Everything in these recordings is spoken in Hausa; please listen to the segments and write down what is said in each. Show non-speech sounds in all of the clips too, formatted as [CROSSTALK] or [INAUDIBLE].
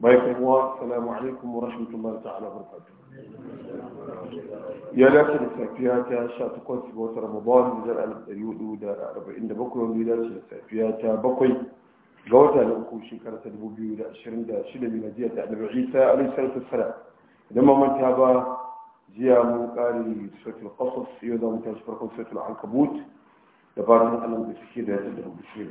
بايكم هو السلام عليكم ورحمة الله تعالى وبركاته يا لكن يا شاتكون في بوت رمضان بزر ألف اليودو دا أربعين إن بكرة وميدا السافياتا بقي جوتا لأكو شكرا تدبو بيو دا أشرين دا من ميلادية النبي عيسى عليه الصلاة والسلام لما من تابا جيا مقاري سورة القصص يوضا متاج فرقون سورة العنكبوت دبارنا أنا بسكير دا تدبو بسكير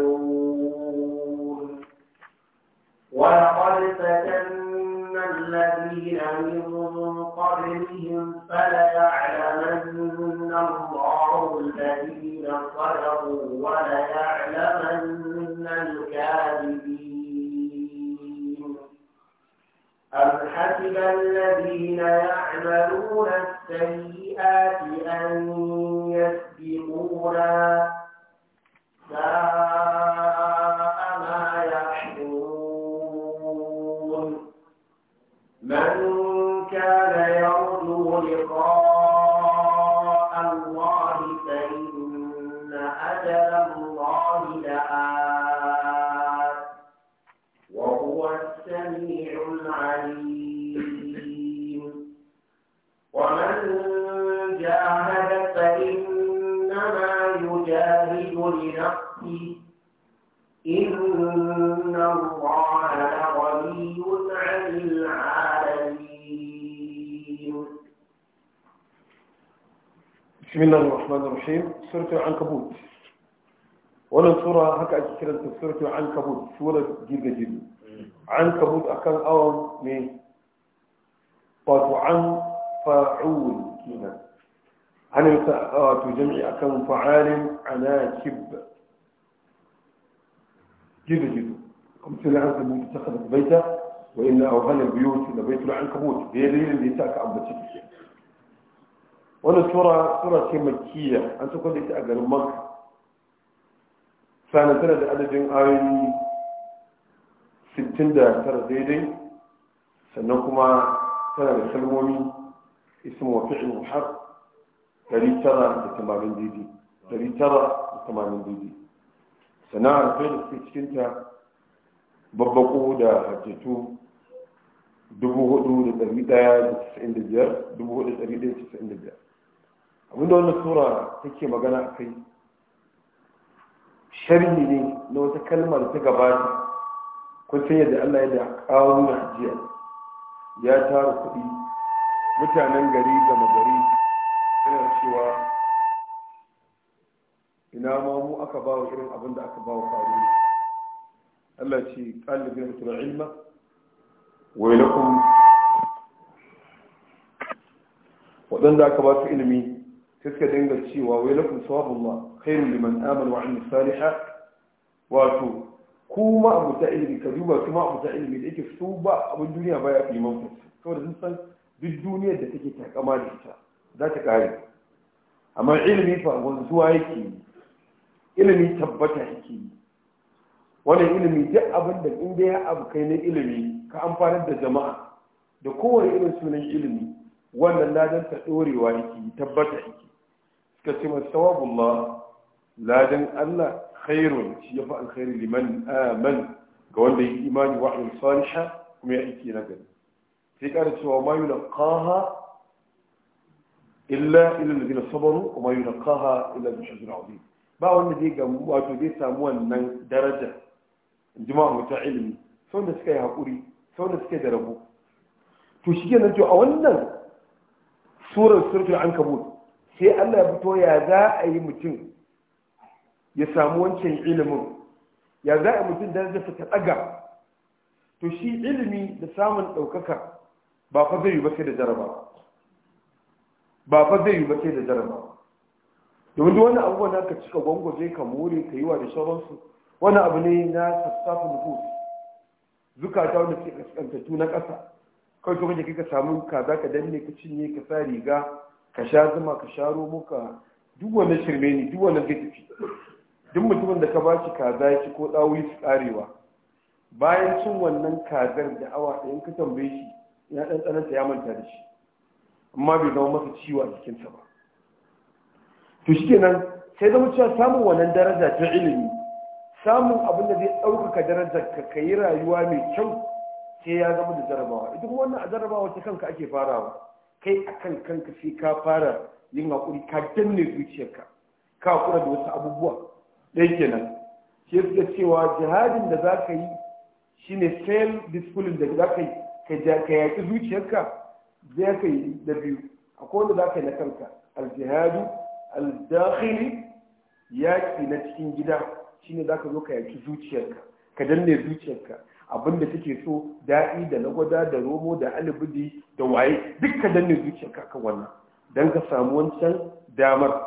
يعملون ولقد فتنا الذين من قبلهم فليعلمن الله الذين صدقوا وليعلمن الكاذبين أم حسب الذين يعملون السيئات أن يسبقونا بسم الله الرحمن الرحيم سورة العنكبوت ولا سورة هكا أجسرة سورة العنكبوت سورة جيدة جيدة عنكبوت أكان أول من قاس عن فاعول كينا عن الفاعات جمع أكان فعال عناكب جيدة جيدة كم سورة العنكبوت اتخذت بيتا وإن أوهل البيوت إلى بيت العنكبوت بيليل اللي تاك أبا wannan sura sura ce makkiya an sako da ita a garin makka sanan tana da adadin ayoyi 69 daidai sannan kuma tana da kalmomi ismu wa fi'l da 980 daidai 980 daidai sana'ar kai da suke cikinta babbaku da hajjatu 4,195 abinda wannan sura take magana a kai sharhi ne na wata kalmar ta gabata kun san yadda Allah ya da kawo na jiya ya tara kuɗi mutanen gari da gari suna cewa ina ma mu aka ba wa irin abin da aka ba wa faru Allah ce ƙalibin mutum ilma wai na kuma waɗanda aka ba su ilimi sai suka dinga cewa wai lakum sawabullah khairu liman amana wa amila salihan wato ku ma abu ta ilimi ka duba su ma abu ta ilimi da yake su ba abin duniya ba ya fi manku saboda sun san duk duniyar da take takama da ita za ta kare amma ilimi fa wanzuwa yake yi ilimi tabbata yake yi wannan ilimi duk abin da inda ya abu kai na ilimi ka amfanar da jama'a da kowane irin sunan ilimi wannan ladan ta dorewa yake tabbata yake suka ce masu tawabullah ladan Allah khairun shi ya fi alkhairi liman aman ga wanda yi imani wa amin kuma ya aiki na gari sai kara cewa ma yi laqaha illa illa ladina sabaru wa ma yi laqaha illa bi shajin azim ba wanda zai ga wato zai samu wannan daraja jima'a mutu ilimi sau da suka yi haƙuri sau da suka yi da rabo to shi na to a wannan surar an ankabut sai Allah ya fito ya za a yi mutum ya samu wancan ilimin ya za a mutum da zai fita tsaga to shi ilimi da samun ɗaukaka ba fa zai yi ba sai da jaraba ba fa zai yi ba sai da jaraba domin duk wani abubuwa da ka cika gwangwaje ka more ka yi wa da sauransu wani abu ne na sassafi nufus zukata wanda suke kaskantattu na ƙasa kawai kuma da kika samu za ka danne ka cinye ka sa riga ka sha zuma ka sha romuka duk wani shirme ne duk wani gajifi duk mutumin da ka ba shi kaza ya ci ko ɗawoyi su ƙarewa bayan cin wannan kazar da awa ɗayan ka tambaye shi ya ɗan tsananta ya manta da shi amma bai zama masa ciwo a jikinsa ba to shi kenan sai zama cewa samun wannan daraja ta ilimi samun abin da zai ɗaukaka darajar ka ka yi rayuwa mai kyau sai ya zama da jarabawa ita kuma wannan a jarabawa ta kanka ake farawa kai akan kanka sai ka fara yin haƙuri ka danne zuciyarka ka haƙura da wasu abubuwa ɗaya kenan shi da cewa jihadin da za ka yi shi ne fail discipline da za ka yi ka yaƙi zuciyarka zai ka yi da biyu akwai wanda za ka yi na kanka aljihadu aldakhili yaƙi na cikin gida shi ne za ka zo ka yaƙi zuciyarka ka danne zuciyarka abin da take so daɗi da lagwada da romo da alibidi da waye duk ne zuciya ka kan wannan dan ka samu wancan damar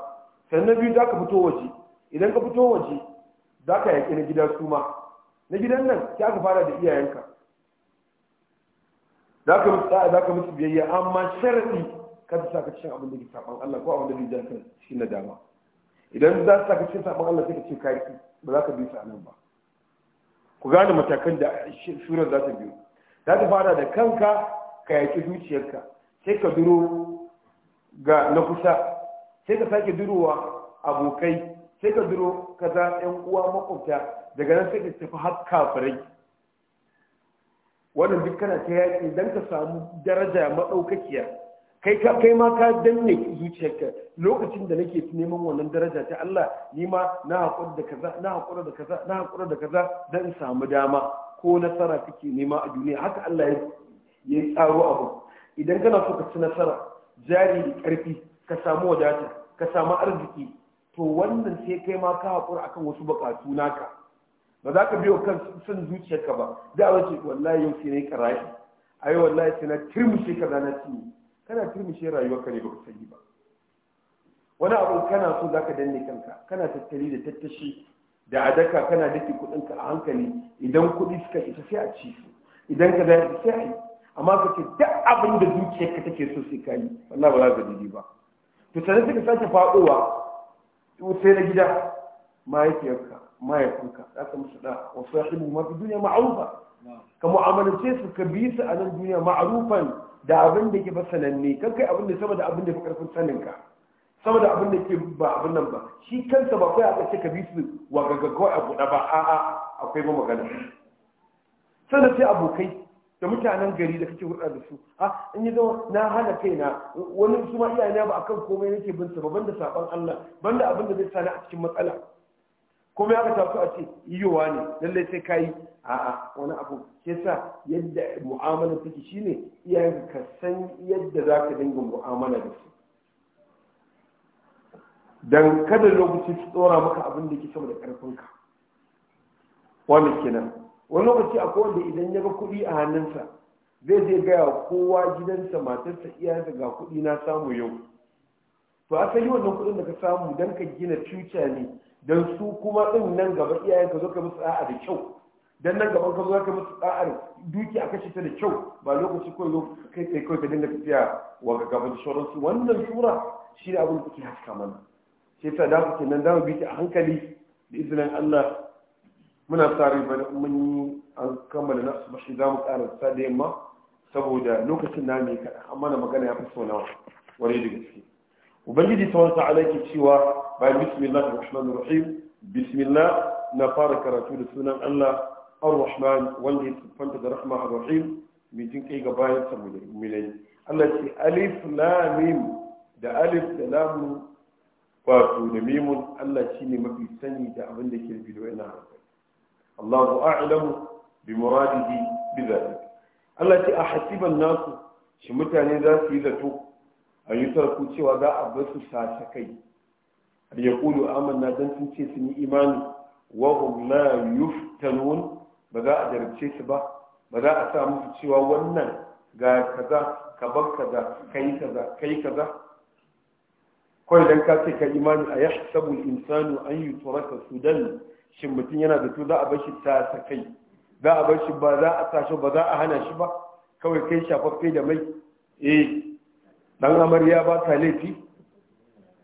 sannan biyu za ka fito waje idan ka fito waje za ka yaƙi na gidan su ma na gidan nan sai aka fara da iyayenka za ka musu za ka musu biyayya amma sharadi ka ta saka cin abin da ke saban Allah ko abin da ke jan kan shi na dama idan za ka saka cin saban Allah sai ka ce kai ba za ka bi sa nan ba ku gane matakan da shirin za ta biyo za ta fara da kanka ka yaki zuciyarka sai ka duro ga na kusa sai ka sake durowa abokai sai ka duro ka za yan uwa makwabta daga nan sai ka tafi har kafirai wannan duk kana ta yaƙi don ka samu daraja maɗaukakiya kai ka kai ma ka danne zuciyarka lokacin da nake neman wannan daraja ta Allah ni ma na hakura da kaza na hakura da kaza na hakura da kaza dan samu dama ko nasara kake nema a duniya haka Allah ya yi tsaro abu idan kana so ka ci nasara jari da karfi ka samu wadata ka samu arziki to wannan sai kai ma ka hakura akan wasu bukatu naka ba za ka biyo kan son zuciyarka ba da wace wallahi yau sai nayi karashi ai wallahi sai na shi kaza na ci kana turmushe rayuwarka ne ku sani ba wani abu kana so za ka danne kanka kana tattali da tattashi da adaka kana dake kudinka a hankali idan kudi suka isa sai a ci su idan ka da sai a yi amma ka ce duk abin da zuciyarka take so sai ka yi wallahi ba za ka didi ba to sai suka sake fadowa sai na gida mahaifiyarka mahaifinka za ka musu da wasu ya ma mafi duniya ma'arufa ka mu'amalance su ka bi su a nan duniya ma'arufan da abin da ke ba sananne kan kai abin da sama da abin da fi karfin saninka sama da abin da ke ba abin nan ba shi kansa ba kai a ƙarshe ka bi su wa gaggaggawa a da ba a'a akwai ba magana sannan sai abokai da mutanen gari da kake hurɗa da su a ah, in yi zama na hana kai na wani su ma iyayena ba akan komai nake bin sa ba banda saban Allah banda abin da zai sani a cikin matsala komai aka tafi a ce iyowa ne lallai sai kayi a'a wani abu kisa yadda mu'amala take shine iyayen ka san yadda za ka dinga mu'amala da su dan kada lokaci su tsora maka abin da ke sama da karfinka wani kenan wani lokaci a wanda idan ya ga kuɗi a hannunsa zai zai gaya kowa gidansa matarsa iyayensa ga kuɗi na samu yau to yi wannan kuɗin da ka samu don ka gina cuta ne don su kuma ɗin nan gaba iyayen ka zo ka musu a'a da kyau dan nan gaban ka zo ka musu da'ar duki a kashe ta da kyau ba lokaci ko zo kai kai kai ka dinga tafiya wa ga gaban su wannan sura shi ne abin da kuke haska mana sai ta da kuke nan da mu biki a hankali da izinin Allah muna tsari ba da mun yi an kammala na su bashi zamu ƙara ta da yamma saboda lokacin na mai kada amma na magana ya fi so wani da gaske ubangiji ta wata alaƙi cewa bayan bismillah rahmanir rahim bismillah na fara karatu da sunan Allah ar-rahman wanda ya siffanta da rahma ar-rahim mai jin kai ga bayan sa mulai Allah ce alif lamim da alif da lamu wato da mimun Allah shine mafi sani da abin da ke rubuta wannan Allahu a'lamu bi muradihi bi dhalik Allah ce a hasiban nasu shi mutane za su yi zato a yi tarku cewa za a basu kai. har ya kulu amanna dan sun ce sun yi imani wa hum la yuftanun ba za a jarabce su ba ba za a sa musu cewa wannan ga kaza ka bar kaza kai kaza kai kaza kawai don ka ce ka imani a yashi sabul insanu an yi turaka sudan shin mutum yana da to za a bar shi ta ta kai za a bar shi? ba za a sa ba za a hana shi ba kawai kai shafaffe da mai eh dan amarya ba ta laifi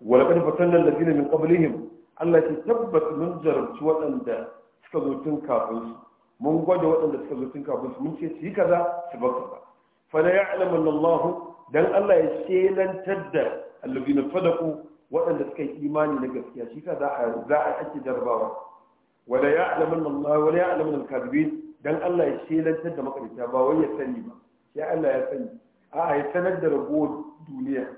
wala kad fatanna allazina min qablihim Allah ya tabbata mun jarabci waɗanda suka zo tun kafin su mun gwada waɗanda suka zo tun kafin su mun ce su yi kaza su bar kaza fala ya'lamu Allah dan Allah ya shelantar da allazina sadaku waɗanda suka yi imani na gaskiya shi ka za a za a ake jarabawa wala ya'lamu Allah wala ya'lamu al-kadhibin dan Allah ya shelantar da makarita ba wai ya sani ba sai Allah ya sani a'a ya sanar da ragowar duniya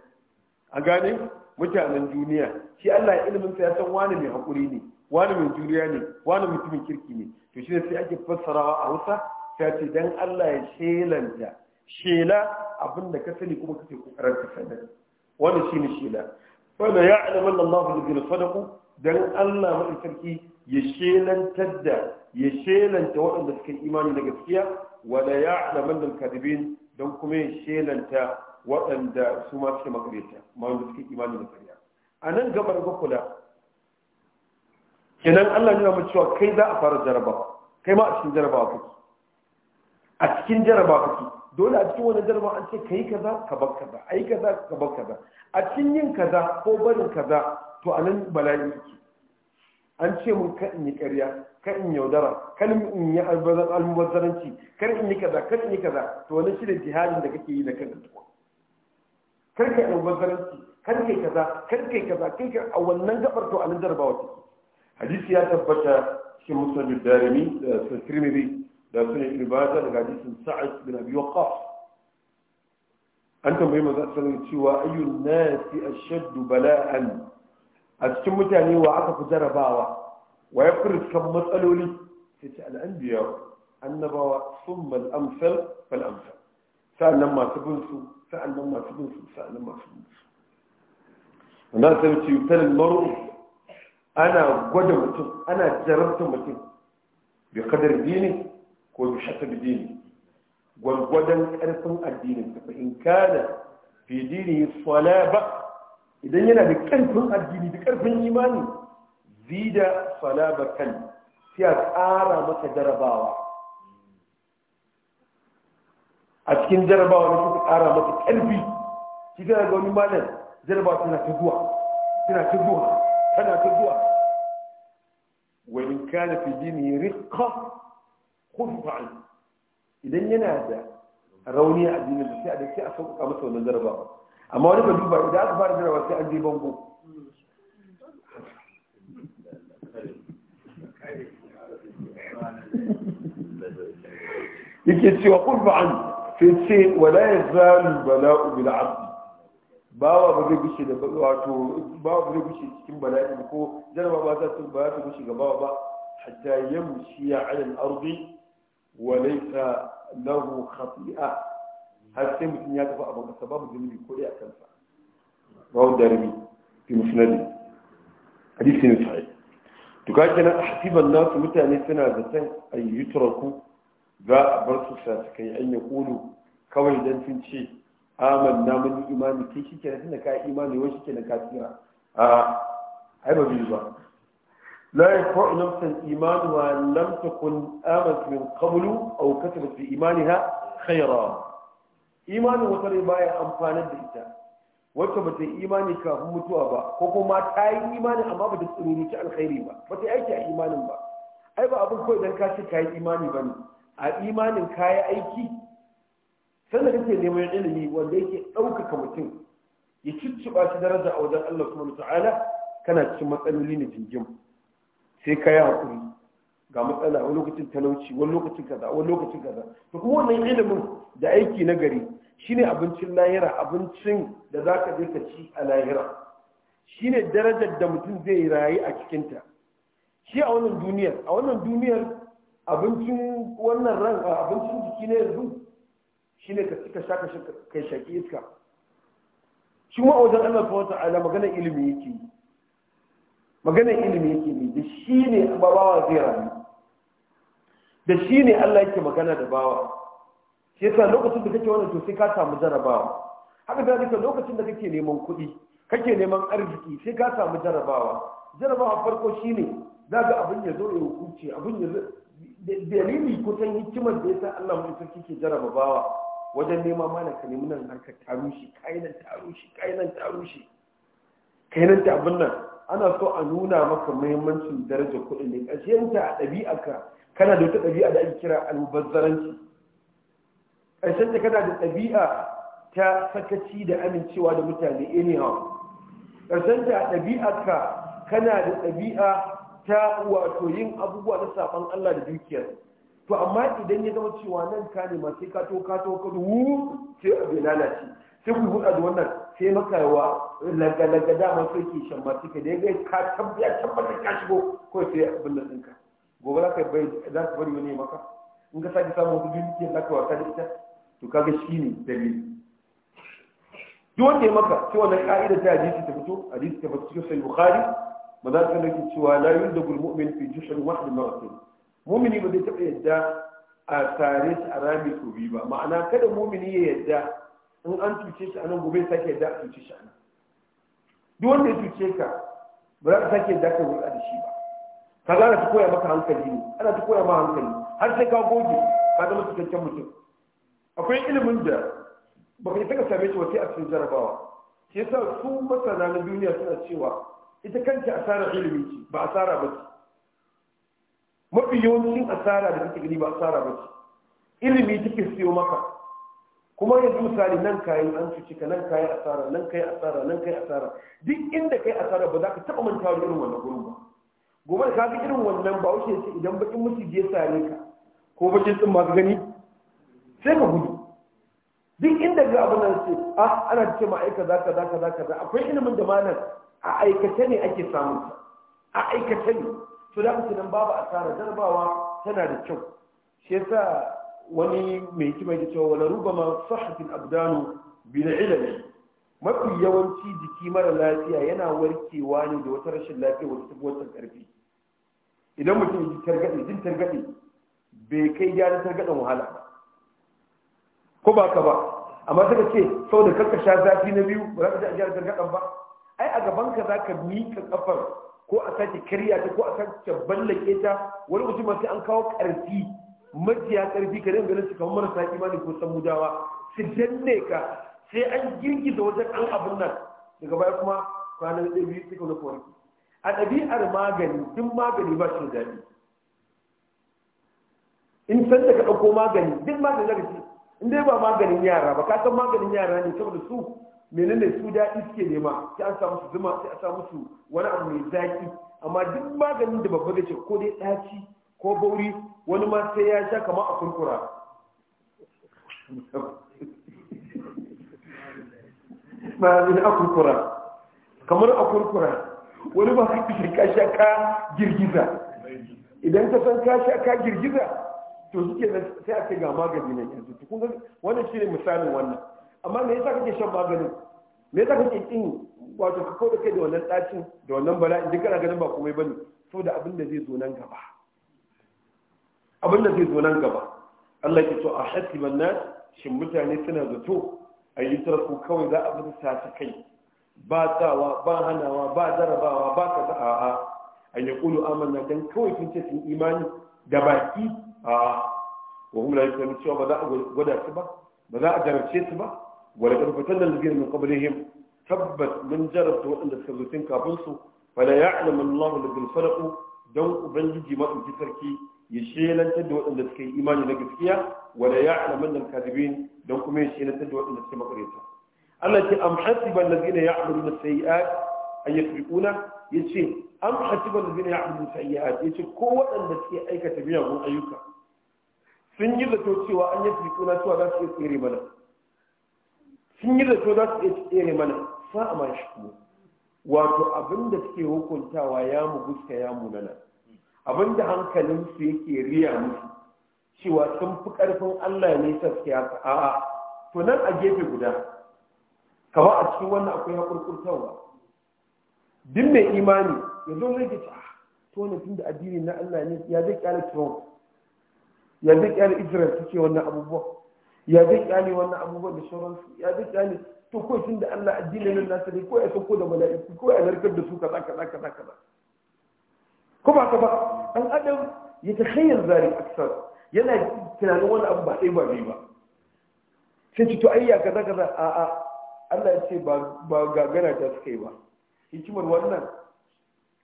a gane mutanen duniya shi Allah ya ilimin sa ya san wani mai hakuri ne wani mai juriya ne wani mutumin kirki ne to shi sai ake fassarawa a Hausa ta ce dan Allah ya shelanta shela abinda ka sani kuma kake kokarin ka sani wannan shine shela wala ya'lamu Allahu alladhina sadaqu dan Allah mai sarki ya shelantar da ya shelanta waɗanda suke imani da gaskiya wala ya'lamu al-kadibin dan kuma ya shelanta waɗanda su ma suke makareta ma wanda suke imani da gaskiya. a nan gabar kula kenan Allah nuna mu cewa kai za a fara jarabawa kai ma a cikin jarabawa kake a cikin jarabawa kake dole a cikin wani jarabawa an ce kai kaza ka bar kaza ai kaza ka bar kaza a cikin yin kaza ko barin kaza to anan bala'i yake an ce mun ka in yi ƙarya ka in yaudara kan in yi almubazzaranci kan in yi kaza kan in yi kaza to wani shi ne jihadin da kake yi da kanka tukwa kar ka yi almubazzaranci kar kai kaza kan kai kaza kan kai a wannan gabar to alin jarabawa take حديث يا تفتا في مسند الدارمي آه، في الترمذي لا سنة رباطة حديث سعد بن أبي وقاص أنتم بهم أسألوا سوى أي الناس أشد بلاء أتتم تاني وعطف زربا ويقر كم مسألوا لي تسأل أنبياء النبوة ثم الأمثل فالأمثل سأل لما تبنسوا سأل لما تبنسوا سأل لما تبنسوا الناس يبتلى المرء ana gwada mutum ana jarabta mutum bi kadar dini ko bi hasabi dini gwargwadon karfin addinin ta in kana fi dini salaba idan yana da karfin addini da karfin imani zida salaba kan sai a tsara masa jarabawa a cikin jarabawa ne suka tsara masa karfi shi kana ga wani malam jarabawa suna ta zuwa tana ta zuwa فلا تدوا وإن كان في ديني رقة خذ إذا ينادى روني أدين الدكتي أدكتي أفضل قامت ومن ذربا أما أولي بجوبة إذا أكبر جنة وكي أدي بمبو يكي تسي وخذ عنه في السين ولا يزال البلاء بالعبد bawa ba zai gushe da wato bawa ba zai gushe cikin bala'i ko jarma ba za ta ba ta gushe ga bawa ba hatta yamshi ala al-ardi wa laysa lahu khati'a har sai mutum ya tafi abin kasa babu zunubi ko dai a kansa bawu darimi fi musnadi hadisi ne sahih to ka kenan ahsiban nasu mutane suna da zaton ayyutraku za a bar su sa kai an ya kulu kawai dan sun ce amanna mun imani kai shi ke kenan tunda ka imani wai shi ke ka tsira a ai ba biyu ba la yaqulu nafsan imanu wa lam takun amanat min qablu aw katabat fi imaniha khayra imanin wata ne baya amfanar da ita wacce ba ta yi imani kafin mutuwa ba ko kuma ta yi imani amma ba ta tsiruruci alkhairi ba ba ta yi aiki a imanin ba ai ba abin kawai don ka ce ka yi imani ba ne a imanin ka yi aiki sanda kake neman ilimi wanda yake ɗaukaka mutum ya cicciɓa shi daraja a wajen Allah subhanahu ta'ala kana cikin matsaloli na jinjim sai ka yi hakuri ga matsala wani lokacin talauci wani lokacin kaza wani lokacin kaza to kuma wannan ilimin da aiki na gari shine abincin lahira abincin da zaka je ka ci a lahira shine darajar da mutum zai rayu a cikinta shi a wannan duniyar a wannan duniyar abincin wannan ran abincin jiki ne yanzu shine ka tsika shaka kai shaki iska shi ma wajen Allah subhanahu ala magana ilimi yake magana ilimi yake ne da shi ne bawa zai rayu da shi ne Allah yake magana da bawa shi yasa lokacin da kake wannan to sai ka samu jarabawa haka da duka lokacin da kake neman kuɗi kake neman arziki sai ka samu jarabawa jarabawa farko shi ne, za ga abin ya zo ya hukunce abin ya dalili kusan hikimar da ya sa Allah mai sarki ke jarabawa wajen neman mana ka nemi nan harkar ta rushe kai nan ta rushe kai nan abin nan ana so a nuna maka muhimmancin daraja kuɗin ne ƙarshen ta a ka kana da wata ɗabi'a da ake kira almubazzaranci ƙarshen ta kana da ɗabi'a ta sakaci da amincewa da mutane anyhow ƙarshen ta a ɗabi'arka kana da ɗabi'a ta wato yin abubuwa na saɓan Allah da dukiyar to amma idan ya zama cewa nan ka nema sai ka to ka to ka wu sai abu lalace sai ku huda da wannan sai maka wa laga laga dama sai ke shan ma ka da ya ka tabbiya tabbatar ka shigo ko sai abin da ɗinka gobe za ka bai za ka bari wani maka in ka sake samun wasu biyu ke ka wasa da ita to ka ga shi ne dalili duk wanda ya maka sai wannan ka'ida ta hadisi ta fito hadisi ta fito cikin sai bukhari manzo sallallahu alaihi wasallam cewa la yundabu al-mu'min fi jushr wahid min mumini ba zai taɓa yadda a tare su a rami su bi ba ma'ana kada mumini ya yadda in an cuce shi a nan gobe sake yadda a cuce shi a nan duk wanda ya cuce ka ba za ka sake yadda ka hulɗa da shi ba ka za ta koya maka hankali ne ana ta koya ma hankali har sai ka goge ka zama cikakken mutum akwai ilimin da ka yi saka same shi wa a cikin jarabawa shi yasa su masana na duniya suna cewa ita kanta asarar ilimi ce ba asara ba ce mafi yawancin asara da kake gani ba asara ba ce ilimi kike siyo maka kuma yanzu misali nan kayan an cuci ka nan kayan asara nan kayan asara nan kayan asara duk inda kayan asara ba za ka taɓa manta da irin wannan gurin ba gobe da kafin irin wannan ba wuce ce idan bakin mutu je sare ka ko bakin tsin masu gani sai ka gudu duk inda ga abu nan ce a ah, ana ce ma'aika za ka za ka za ka akwai ilimin da ma nan a aikace ne ake samun sa a aikace ne to da haka babu asara jarabawa tana da kyau shi yasa wani mai kima ke cewa wala rubama sahatin abdanu bil ilmi mafi yawanci jiki mara lafiya yana warkewa ne da wata rashin lafiya wata ta wata karfi idan mutum ji targade, jin targade bai kai gyaran targaɗen wahala ba ko ba ka ba amma suka ce sau da karka sha zafi na biyu ba za ka ji a gyaran targaɗen ba ai a gaban ka za ka miƙa kafar ko a sake karya ta ko a sake ballake ta wani mutum sai an kawo ƙarfi majiya ƙarfi ka dinga ganin su kamar marasa imani ko mudawa su danne ka sai an girgiza wajen an abin nan daga baya kuma kwanan ɗaya biyu suka na warki a ɗabi'ar magani duk magani ba shi daɗi in san da ka ɗauko magani duk magani zaka ce in dai ba maganin yara ba ka san maganin yara ne saboda su menene su daɗi suke nema sai an samu su zuma sai an samu su wani abu mai zaki amma duk maganin da babba da ce ko dai ɗaci ko bauri wani ma sai ya sha kamar a kurkura ma'azin [LAUGHS] a kurkura kamar a kurkura wani ba sai ka sha ka girgiza idan ka san ka sha ka girgiza to suke sai a ce ga magani ne yanzu wannan shine misalin wannan amma me yasa kake shan maganin me yasa kake kin wato ka kauda kai da wannan ɗacin da wannan bala'in duk kana ganin ba komai bane saboda abin da zai zo nan gaba abin da zai zo nan gaba Allah ya ce a hasiban nas shi mutane suna zato a yi tarku kawai za a bi ta ta kai ba tsawa ba hanawa ba jarabawa ba kaza A an ya kulu amanna dan kawai sun ce sun imani da baki a wa hum la yusalluna cewa ba za a gwada su ba ba za a jarabce su ba wala kad fatanna alladhina min qablihim tabbat mun jarabta waɗanda suka zo tun kafin su fala ya'lamu Allahu alladhina sadaqu dan ubangiji madauki sarki ya shelantar da waɗanda suka yi imani na gaskiya wala ya'lamu annal kadibin don kuma ya shelantar da waɗanda suka makareta Allah ce am hasiba alladhina ya'maluna sayi'at an yasbiquna yace am hasiba alladhina ya'maluna sayi'at ce ko waɗanda suke aikata miyagun ayyuka sun yi zato cewa an yi yasbiquna cewa za su iya tsere mana sun yi zato za su iya tsere mana sa a mashi kuma wato da suke hukuntawa ya mu guska ya abin da hankalinsu yake riya musu cewa sun fi ƙarfin Allah ne sa suke haka a'a to nan a gefe guda kama a cikin wannan akwai hakurkurtarwa duk mai imani ya zo zai ce ah to ne tun da addini na Allah ne ya zai kyale Trump ya zai kyale Israel suke wannan abubuwa ya zai kyale wannan abubuwan da sauransu ya zai kyale to ko tun da Allah addinin nan nasa ne ko ya sauko da mala'iku ko ya narkar da su kaza kaza kaza kaza ko ba ka ba an adam ya takhayyar zari aksar yana tunanin wani abu ba sai ba bai ba sai ci to ayya kaza kaza a a Allah ya ce ba ba gagara ta suka yi ba hikimar wannan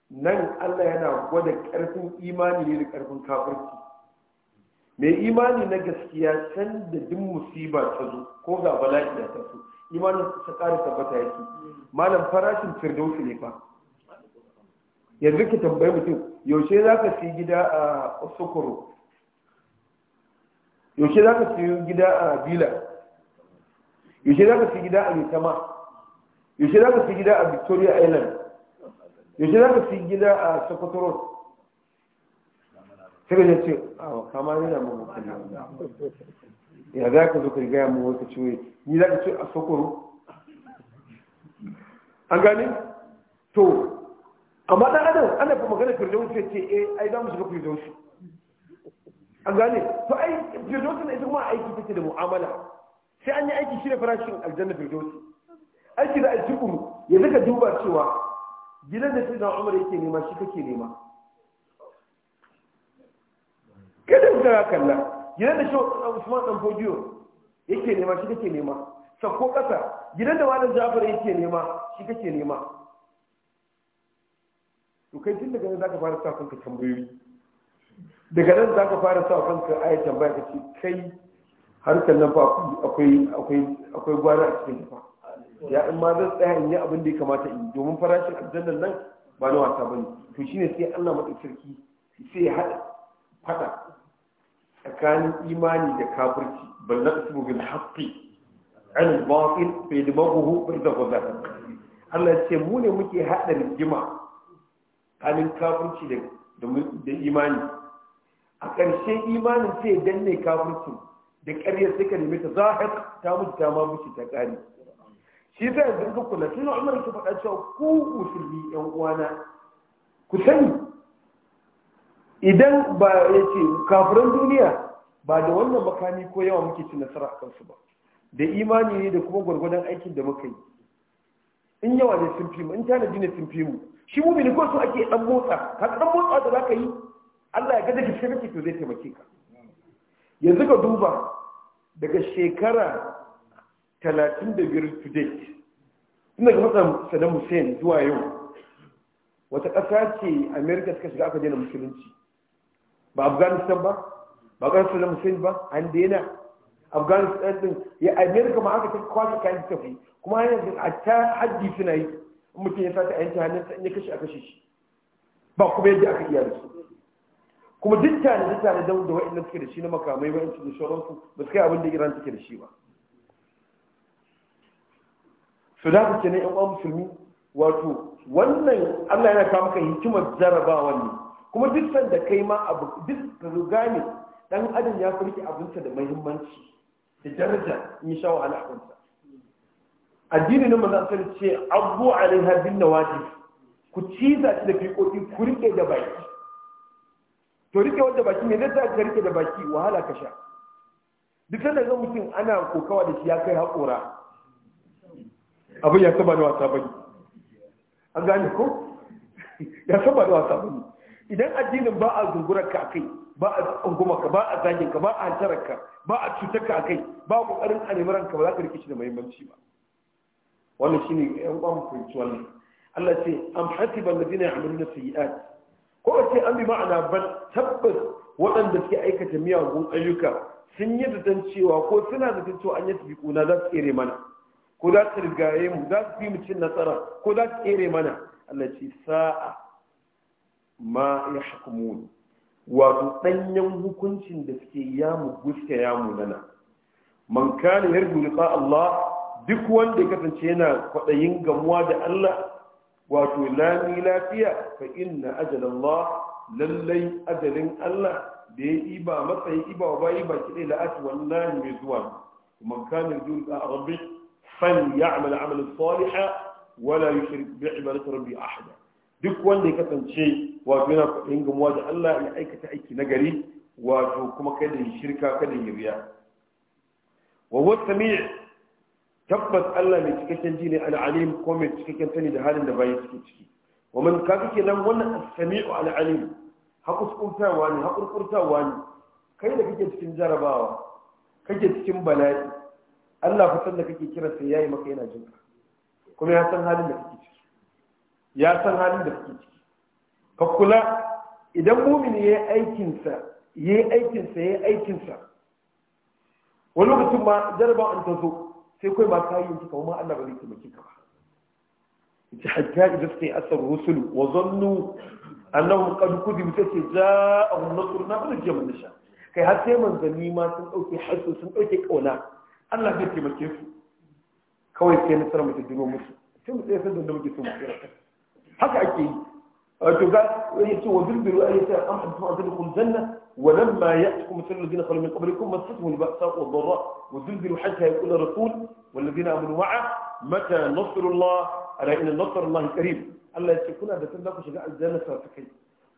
nan Allah yana gwada ƙarfin imani ne da karfin kafirci mai imani na gaskiya can da duk musiba ta zo ko ga bala'i da ta so imanin ta ƙara tabbata yake malam farashin firdausi ne fa yanzu ki tambayi mutum yaushe za ka fi gida a sokoro yaushe za ka fi gida a bila yaushe za ka fi gida a litama yaushe za ka fi gida a victoria island yaushe za ka fi gida a sokoto road sai ya ce awa kama ne da mu ya za ka zo ka gaya mu wata ciwo ni za ka ce a sokoro an gane to amma dan adam ana fa magana firdausi ya ce eh ai za mu shiga firdausi an gane to ai firdausi na ita kuma aiki take da mu'amala sai an yi aiki shi da farashin aljanna firdausi aiki da aljihu ya zaka duba cewa gidan da sai da umar yake nema shi kake nema buga ya kalla gidan da shi usman dan fodiyo yake nema shi kake nema sakko kasa gidan da malam jafar yake nema shi kake nema to kai tun daga nan zaka fara sa kanka tambayoyi daga nan zaka fara sa kanka ayat tambaya ka ce kai harkar nan fa akwai akwai akwai gwara a cikin fa ya in ma zan tsaya in yi abin da ya kamata in domin farashin aljannar nan ba na wasa bane to shine sai Allah madaukakin sarki sai ya hada fada tsakanin imani da kafirci bal naqsimu bil haqqi an al batil fi dimaghihi fa idha qadara Allah ya ce mu ne muke hada rigima halin kafirci da imani a ƙarshe imanin sai dan danne kafircin da ƙaryar suka nemi ta zahir ta mutu ta ma mutu ta ƙari shi ta yanzu ka kula sai umar ki faɗa cewa ku musulmi ƴan uwana ku sani idan ba ya ce kafiran duniya ba da wannan makami ko yawa muke ci nasara a kansu ba da imani ne da kuma gwargwadon aikin da muka yi in yawa ne sun fi mu in tanadi ne sun fi mu shi mu bin gosu ake dan motsa ka dan motsa da zaka yi Allah ya ga da sai kake to zai taimake ka yanzu ka duba daga shekara 35 to date ina ga matsan Saddam Hussein zuwa yau wata ƙasa ce America suka shiga aka daina musulunci ba afghanistan ba ba ga saddam hussein ba an daina afghanistan din ya Amerika ma aka ta kwashe kayan tafi kuma yanzu a ta hajji suna yi in mutum ya sata a yanki hannunsa in ya kashe a kashe shi ba kuma yadda aka iya da su kuma duk tare da tare da wanda wa'annan suke da shi na makamai wa'ansu da sauransu ba su kai abin da iran suke da shi ba su da kuke yan uwan musulmi wato wannan allah yana kawo maka hikimar jarabawa ne kuma duk sanda kai ma abu duk ka gane dan adam ya kurki abinsa da muhimmanci da daraja in sha wa al'akunsa addini na manzon sai ce abu alaiha bin nawajib ku ciza shi da fiƙoƙi ku rike da baki to rike wanda baki ne zai sa ka rike da baki wahala ka sha duk sanda ga mutum ana kokawa da shi ya kai haƙora abin ya saba da wasa bane an gane ko [LAUGHS] ya saba da wasa bane idan addinin ba a zungurar ka kai ba a tsangoma ka ba a zagin ka ba a hantarar ka ba a cutar ka kai ba a kokarin a ka ba za ka rike shi da muhimmanci ba wannan shine yan uwan spiritual ne. Allah ce am hasiba alladhina ya'maluna sayi'at ko ce an bi ma'ana ban tabbas waɗanda suke aikata miyagun ayyuka sun yi dan cewa ko suna da cewa an yi tafi kuna za su tsere mana ko za su rigaye mu za su fi mu cin nasara ko za su tsere mana Allah ce sa'a ma ya hukumun wato ɗanyen hukuncin da suke yamu guska yamu nana man kana yarju liqa Allah duk wanda ya kasance yana kwaɗayin gamuwa da Allah wato lami lafiya fa inna Allah, lallai ajalin Allah da ya iba masa ya iba wa bayi baki ɗaya la'at wallahi mai zuwa man kana yarju liqa rabbi fan ya'mal amalan salihan wala yushrik bi ibadati rabbi ahada duk wanda ya kasance wato yana kwaɗayin gamuwa da Allah ya aikata aiki na gari wato kuma kada yi shirka kada yi riya wa wata miya tabbas Allah mai cikakken ji ne al'alim ko mai cikakken sani da halin da bayan suke ciki wa man ka kake nan wannan as-sami'u al'alim haƙurƙurtawa ne haƙurƙurtawa ne kai da kake cikin jarabawa kake cikin bala'i Allah fa san da kake kira sai yayi maka yana jinka kuma ya san halin da kake ciki ya san halin da suke ciki ka kula idan mumini ya yi aikinsa ya yi aikinsa ya yi aikinsa wani lokacin ma jaraba an ta zo sai kai ma kayi yanki kawo ma Allah ba zai taimake ka ba ita hajja idan suka yi asar rusulu wa zannu annahum qad kudibu ta ce ja'ahum nasruna fa jamu nisha kai har sai manzanni ma sun dauke hasu sun dauke kauna Allah zai taimake su kawai sai nasara mutum dingo musu sai mu tsaye san da muke so mu tsira haka ake yi to ga ya ce wa bilbilu a yasa an hadisa an zai kun janna wa nan ma ya ci kuma sallu zina kalmin kabari kuma masu tuhun ba sa ko barra wa bilbilu hatta ya kula rasul wallazina amanu ma'a mata nasrullah ala inna nasrullah karim Allah ya ce kuna da sallah ku shiga aljanna sa ta kai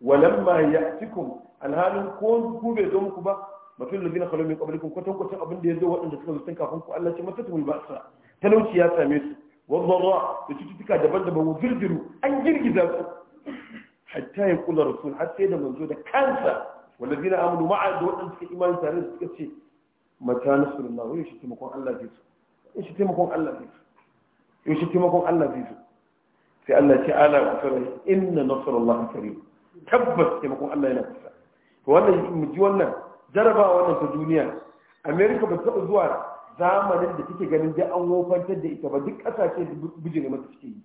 wa nan ma ya ci kun alhalin ko ku bai zo muku ba mafil lazina kalmin kabari kun kwatan kwatan abin da ya zo waɗanda suka zo tun kafin ku Allah ce masu tuhun ba sa talauci ya same su والضراء تشتتك دبل دبل وزلزلوا أن جرجزوا حتى يقول الرسول حتى إذا منزودة كانسا والذين آمنوا معه دون أن تكون إيمان سارين تكتشي متى نصر الله ويش تمكن الله جيسو إيش تمكن الله جيسو إيش تمكن الله جيسو في الله تعالى وفره إن نصر الله كريم تبس تمكن الله ينفسه فوانا يجي وانا جربا وانا في الدنيا أمريكا بتقضوا zamanin da kike ganin dai an wofantar da ita ba duk ƙasashe da bijire suke yi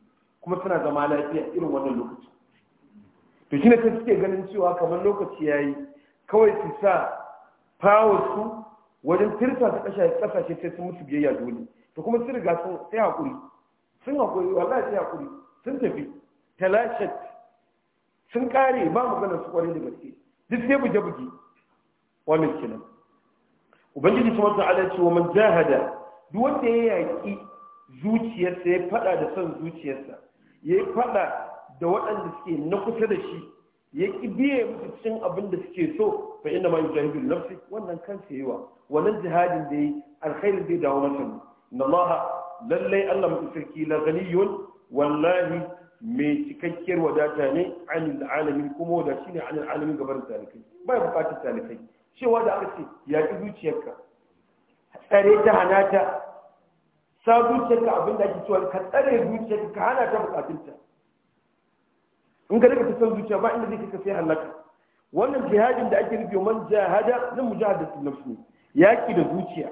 kuma suna zama lafiya irin wannan lokaci to shi ne ta suke ganin cewa kamar lokaci ya yi kawai su sa fawo su wajen tirsa ta ƙasashe sai sun musu biyayya dole to kuma sun riga sun sai haƙuri sun haƙuri wallahi sai haƙuri sun tafi talashat sun kare ba maganar su kwarai da gaske duk sai buge-buge wannan kenan ubangiji subhanahu ta ta'ala ce wa man jahada duk wanda ya yaki zuciyarsa ya fada da son zuciyarsa ya fada da waɗanda suke na kusa da shi ya ki biye musu cikin abin da suke so fa inna ma yujahidu nafsi wannan kansa yiwa, wannan jihadin da yi alkhairin zai dawo masa inna lallai Allah mai sarki la ghaniyun wallahi mai cikakkiyar wadata ne anil alamin kuma wadata shine anil alamin gaban talikai bai bukatar talikai cewa da aka ce yaƙi zuciyarka tsare ta hana ta sa zuciyarka abin da ake cewa ka tsare zuciyarka ka hana ta bukatunta in ka daga san zuciya ba inda zai ka sai halaka wannan jihadin da ake nufi man jahada na mujahadatul nafsi yaƙi da zuciya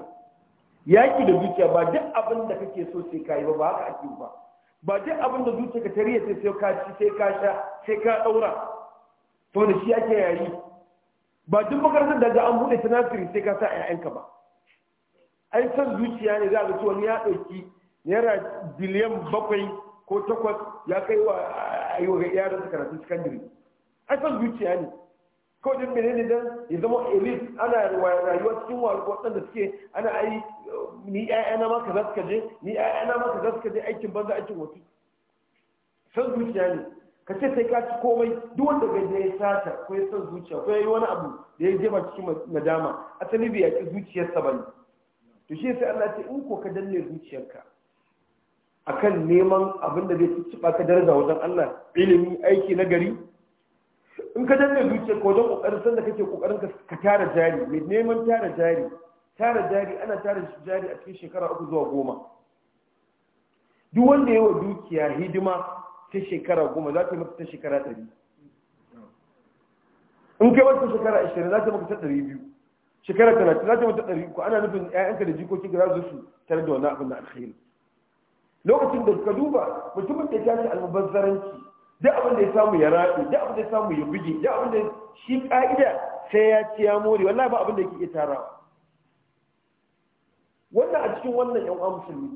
yaƙi da zuciya ba duk abin da kake so sai ka yi ba ba haka ake ba ba duk abin da zuciyarka ta riya sai ka ci sai ka sha sai ka ɗaura to da shi ake yayi ba duk makarantar daga an buɗe ta nasiri sai ka sa a ‘ya'yanka ba ai san zuciya ne za a ga wani ya ɗauki naira biliyan bakwai ko takwas ya kai wa ayyuka ga yaran su karatu sakandare ai san zuciya ne kawai don ne dan ya zama elite ana rayuwa cikin waɗanda suke ana ai ni ‘ya'yana ma ka za su kaje ni ‘ya'yana ma ka za su kaje aikin banza aikin wasu san zuciya ne ka ce sai ka ci komai duk wanda bai da ya sata ko ya san zuciya ko ya yi wani abu da ya jima cikin nadama asali bai yaki zuciyarsa ba ne to shi sai Allah ce in ko ka danne zuciyarka akan neman abin da zai ci ka daraja wajen Allah ilimi aiki na gari in ka danne zuciyarka wajen kokarin san da kake kokarin ka tara jari mai neman tara jari tara jari ana tara jari a cikin shekara uku zuwa goma duk wanda ya wa dukiya hidima ta shekara goma za ta yi maka ta shekara ɗari in kai mata shekara ashirin za ta yi maka ta ɗari biyu shekara talatin za ta yi maka ta ɗari uku ana nufin ‘ya'yanka da jikoki ga za su tare da wani abin da alkhairi lokacin da ka duba mutumin da ya tashi almubazzaranci duk abin da ya samu ya raɗe duk abin da ya samu ya bugi, duk abin da shi ƙa'ida sai ya ci ya more wallahi ba abin da yake iya tarawa wannan a cikin wannan yan uwa musulmi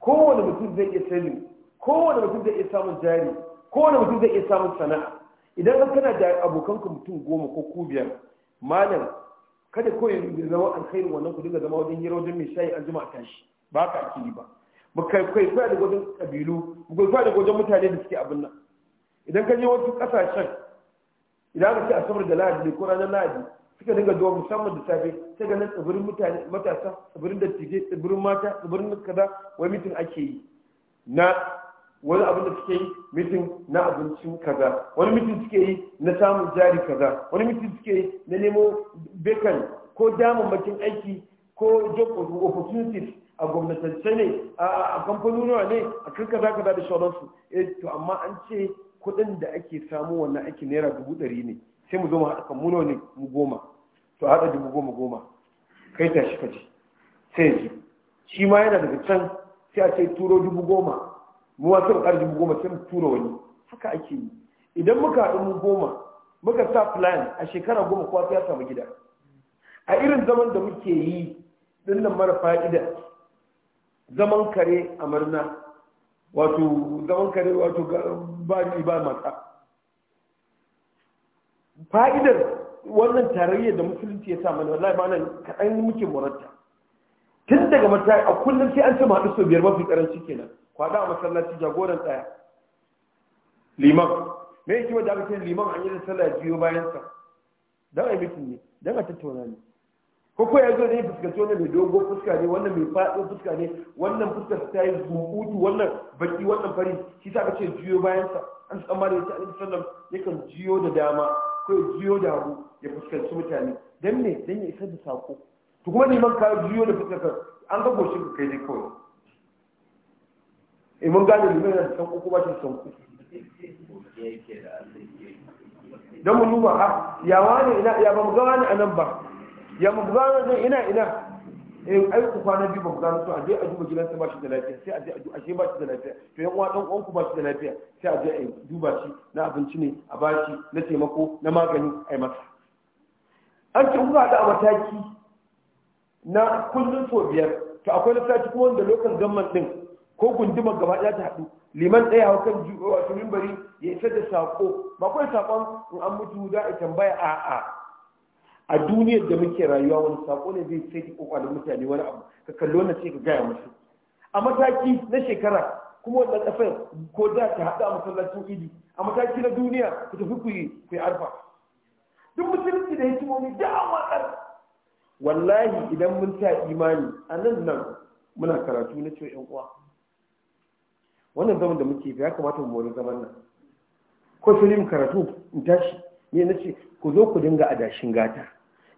kowane mutum zai iya sani kowane mutum zai iya samun jari kowane mutum zai iya samun sana'a idan ka kana da abokanka mutum goma ko ku biyar malam kada kawai da zama kai wannan ku dinga zama wajen hira wajen mai shayi an jima a tashi ba ka akili ba mu kai kai da gudun kabilu mu kai da gudun mutane da suke abin nan idan ka je wasu kasashen idan ka ce asabar da lahadi ne ko ranar lahadi suka dinga zuwa musamman da safe sai ganin tsibirin mutane matasa tsibirin dattijai tsibirin mata tsibirin kaza wai mitin ake yi na wani abin da suke yi mitin na abincin kaza wani mitin suke yi na samun jari kaza wani mitin suke yi na nemo bekan ko damammakin aiki ko job opportunities a gwamnatance ne a kamfanonuwa ne a kan kaza kaza da shawararsu eh to amma an ce kuɗin da ake samu wannan aiki naira dubu ɗari ne sai mu zo mu haɗa kan mu ne mu goma to haɗa dubu goma goma kai tashi ka ji sai ji shi ma yana daga can sai a ce turo dubu goma mu ma sai mu goma sai mu tura wani haka ake yi idan muka haɗu mu goma muka sa plan a shekara goma kowa ya samu gida a irin zaman da muke yi ɗin nan mara fa'ida zaman kare a murna wato zaman kare wato ba ni ba matsa fa'idar wannan tarayya da musulunci ya sa mana wallahi ba nan kaɗan muke murarta tun daga mata a kullum sai an ce haɗu sau biyar mafi ƙaranci kenan kwada a masallaci jagoran tsaya liman me yake wajen abincin liman an yi da sallah biyu bayan sa dan yi mutum ne dan a tattauna ne ko ko yazo ne fuskanci wannan mai dogo fuska ne wannan mai faɗo fuska ne wannan fuskar ta yi zumbutu wannan baki wannan fari shi sa kace jiyo bayan sa an a ta alaihi sallam yakan jiyo da dama ko jiyo da hagu ya fuskanci mutane dan ne dan ya isar da sako to kuma liman ka jiyo da fuskar an ga goshin ka kai ne kawai in eh, mun gane liman yana da san uku ba son ku. Don mu mun duba ha ya wani ina ya ba mu ga wani anan ba ya mu ga wani ina ina in eh, ai ku kwana biyu ba ku gano su a je a duba gidansa ba shi da lafiya sai a je a duba ashe ba shi da lafiya to yan uwa dan uwanku ba shi da lafiya sai a je a duba shi na abinci ne a bashi na taimako na magani a yi masa an ce kuka da a mataki na kullum so biyar to akwai lissafi kuma wanda lokacin gamman din ko gunduma gaba ɗaya ta haɗu liman ɗaya hawa kan eh, wato mimbari ya isa da saƙo ba kawai saƙon in an mutu za a tambaya a'a a duniyar da muke rayuwa wani saƙo ne zai sai kokwa da mutane wani abu ka kalli wannan sai ka gaya musu a mataki na shekara kuma wannan ƙasar ko da ta haɗu a masallacin idi a mataki na duniya ku tafi ku yi ku yi arfa duk musulunci da hikimomi da amatsar wallahi idan mun sa imani a nan nan muna karatu na ce yan uwa wannan zaman da muke ya kamata mu wani zaman nan ko sai karatu in tashi ne na ce ku zo ku dinga adashin gata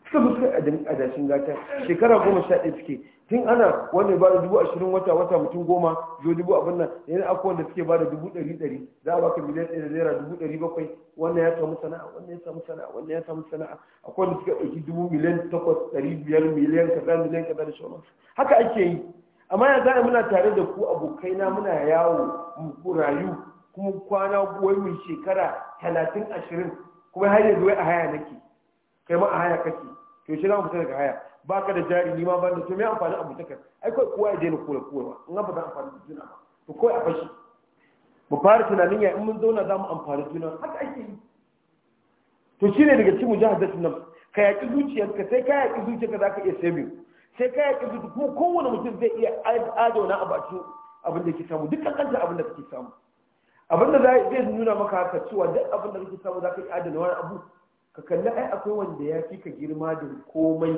suka zo suka adashin gata shekara goma sha ɗaya suke tun ana wanda ba da dubu ashirin wata wata mutum goma zo dubu abin nan yana akwai wanda suke ba da dubu ɗari ɗari za a baka miliyan ɗaya da naira dubu ɗari bakwai wannan ya samu sana'a wannan ya samu sana'a wannan ya samu sana'a akwai wanda suka ɗauki dubu miliyan takwas ɗari biyar miliyan kaza miliyan kaza da shawarar haka ake yi amma ya zai muna tare da ku abokaina muna yawo mu rayu kuma kwana wai mun shekara talatin ashirin kuma har yanzu wai a haya nake kai ma a haya kake to shi za mu fita daga haya ba ka da jari ni ma ban da to me amfani abu takar ai kai kowa ya daina kula kowa in ba za amfani da juna ba to kawai a fashi mu fara tunanin ya in mun zauna za mu amfani juna haka ake yi to shine daga cikin mujahadatun nafs ka yaƙi zuciyarka sai ka yaƙi zuciyarka za ka iya saving sai ka yaƙi duk kowane mutum zai iya adona a bakin abin da ke samu dukkan kanta abin da kake samu abin da zai nuna maka haka cewa duk abin da kake samu za ka iya adana wani abu ka kalli ai akwai wanda ya fi ka girma da komai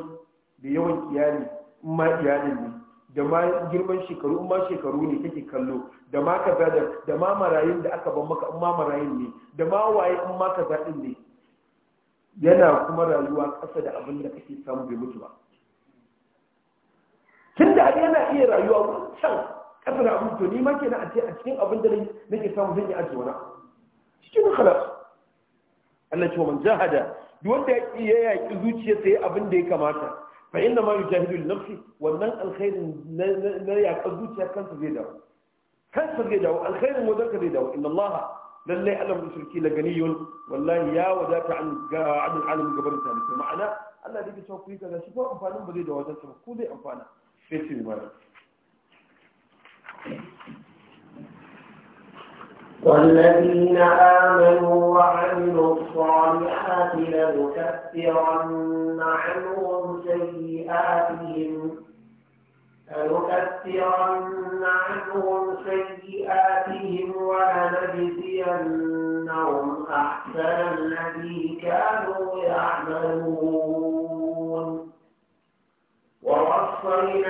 da yawan iyali in ma iyalin ne da ma girman shekaru in ma shekaru ne kake kallo da ma kaza da da ma marayun da aka ban maka in ma marayun ne da ma waye in ma kaza din ne yana kuma rayuwa ƙasa da abin da kake samu bai mutu ba tun da yana iya rayuwa ko can kasar abin to ni ma kenan a ce a cikin abin da nake samu zan yi aji wani cikin khalas Allah ce wa man jahada duk wanda ya ki ya yaki zuciyarsa yayi abin da ya kamata fa inna ma yujahidu li nafsi wannan alkhairin na yaƙar zuciya kansa zai dawo kansa zai dawo alkhairin wajen ka zai dawo inna Allah lallai alam musulki la ganiyun wallahi ya wadata an ga adin alim gabar ta ma'ana Allah da yake cewa ku yi kaza shi ko amfanin ba zai da ta, ba ku zai amfana sai su mana والذين آمنوا وعملوا الصالحات لنكفرن عنهم سيئاتهم لنكفرن عنهم سيئاتهم ولنجزينهم أحسن الذي كانوا يعملون ووصينا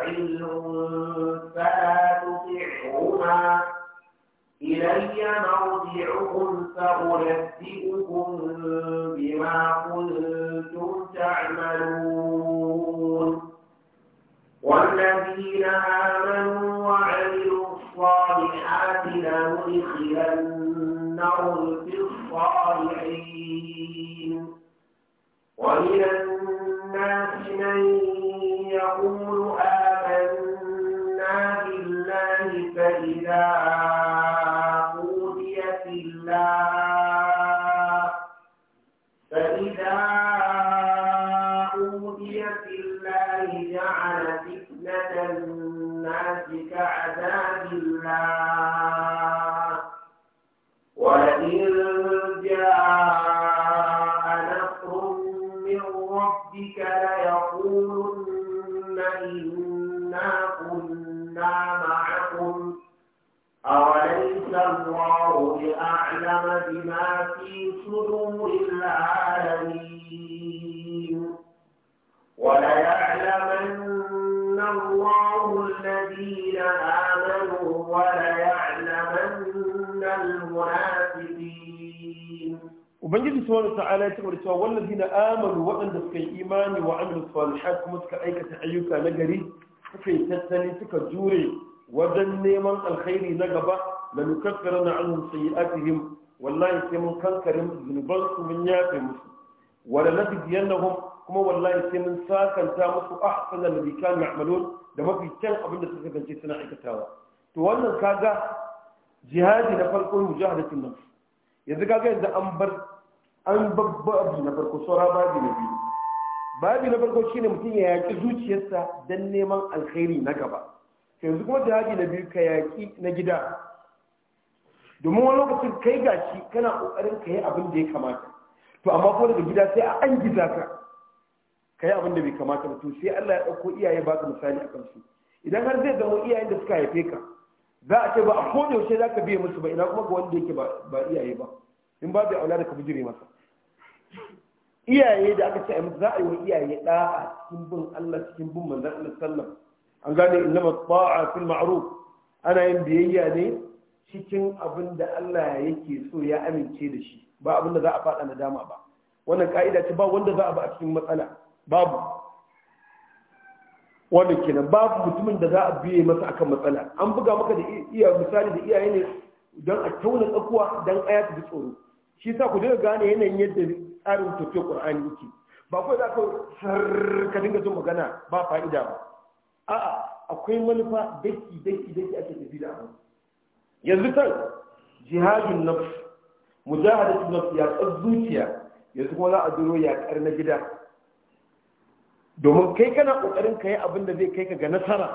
عِلٌّ فَلَا تُطِعْهُمَا إِلَيَّ مَرْجِعُكُمْ فَأُنَبِّئُكُم بِمَا كُنتُمْ تَعْمَلُونَ وَالَّذِينَ آمَنُوا وَعَمِلُوا الصَّالِحَاتِ لَنُدْخِلَنَّهُمْ فِي الصَّالِحِينَ وَمِنَ النَّاسِ مَن يَقُولُ آمَنَّا النساء وليعلمن الله الذين آمنوا وليعلمن المنافقين وبنجد سؤال تعالى تقول سوى والذين آمنوا وأن فِي الإيمان وعمل الصالحات كمسك أيك تعيوك نجري كفي تتني تكجوري وذن نيمان الخير نجبا لنكفرن عنهم سيئاتهم والله يسيمون كنكرم ذنبانكم من يافهم ولنجد ينهم kuma wallahi sai mun sakanta musu ahsana alladhi kanu ya'malun da mafi kyan abin da suka kasance suna aikatawa to wannan kaga jihadi na farko mujahadatu nafs yanzu kaga yanzu an bar an babba abu na farko saura babi na biyu babi na farko shine mutum ya yaki zuciyarsa dan neman alkhairi na gaba yanzu kuma jihadi na biyu ka yaki na gida domin wani lokacin kai gashi kana kokarin ka yi abin da ya kamata to amma ko daga gida sai a an gida ka Kai yi abin da bai kamata ba to sai Allah ya ɗauko iyaye ba baka misali a su idan har zai zama iyayen da suka haife ka za a ce ba a koda yaushe za ka biye musu ba ina kuma ga wanda yake ba iyaye ba in ba bai aula da ka bijire masa iyaye da aka ce musu za a yi wa iyaye a cikin bin Allah cikin bin manzon Allah sallam an gane innama ta'a fil ma'ruf ana yin biyayya ne cikin abin da Allah yake so ya amince da shi ba abin da za a faɗa nadama ba wannan ka'ida ce ba wanda za a ba a cikin matsala babu wannan kenan babu mutumin da za a biye masa akan matsala an buga maka da iya misali da iyaye ne don a tauna tsakuwa don aya ta tsoro shi sa ku dinga gane yanayin yadda tsarin tafiya qur'ani yake ba kawai za ka sarka dinga jin magana ba fa'ida ba a'a akwai manufa daki daki daki ake tafi da abu yanzu kan jihadun nafs mujahadatu nafs ya zuciya yanzu kuma za a duro ya na gida domin kai kana ƙoƙarin ka yi abin da zai kai ka ga nasara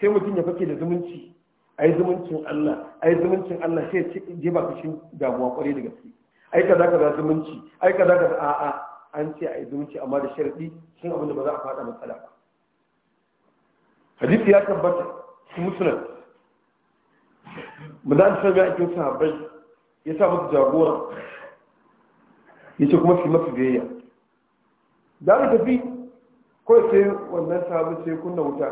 sai mutum ya fake da zumunci a yi zumuncin Allah a yi zumuncin Allah sai je ba cikin damuwa kwarai da gaske ai kaza kaza zumunci ai kaza kaza a'a an ce a yi zumunci amma da sharadi shin abin da ba za a fada matsala ba hadisi ya tabbata su musulun mu da san ga ikin sahabbai ya sa musu jagora Ya ce kuma su masu biyayya da mu tafi ko sai wannan sabu sai kunna wuta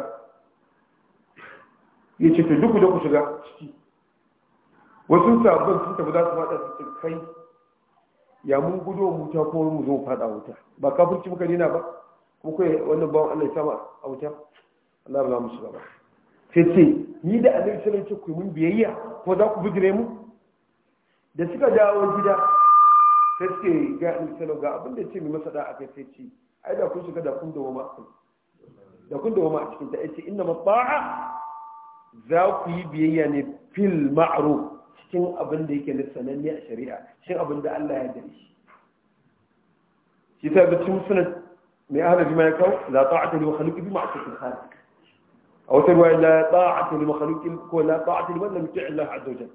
ya ce duk da ku shiga ciki wasu sabbin sun tafi za su faɗa su kai ya mun gudu wuta ko mu zo fada wuta ba kafirci muka dina ba kuma kai wannan bawan Allah ya sama a wuta Allah ba mu shiga ba sai ce ni da annabi sallallahu alaihi wasallam ku mun biyayya ko za ku bijire mu da suka dawo gida sai suke ga in salo ga abin da ce mai masa da aka sai ci ai da kun shiga da kun dawo ma da kun dawo ma a cikin ta yace inna mata'a za ku yi biyayya ne fil ma'ruf cikin abin da yake lissananne a shari'a cikin abin da Allah ya dare shi shi ta bacin sunan mai ahalabi ma ya kawo la ta'ata li makhluqin bi ma'siyatil khaliq aw ta ruwa la ta'ata li makhluqin ko la ta'ata li man lam yuti' Allah azza wajal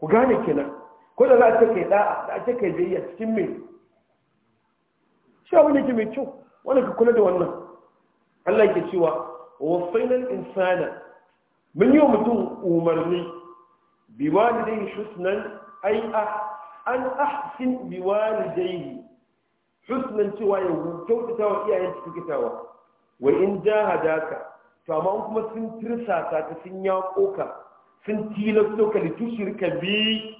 ku gane kenan ko da za a ce kai da'a da a ce biyayya cikin mai. shi abu ne ke mai kyau wani ka kula da wannan Allah ke cewa wasainan insana mun yi wa mutum umarni bi walidayhi shusnan ai ah, an ahsin bi walidayhi Shusnan cewa ya kyautata wa iyayen kitawa. wa in jahadaka to amma kuma sun tirsasa ta sun yaƙo ka sun tilasto ka da bi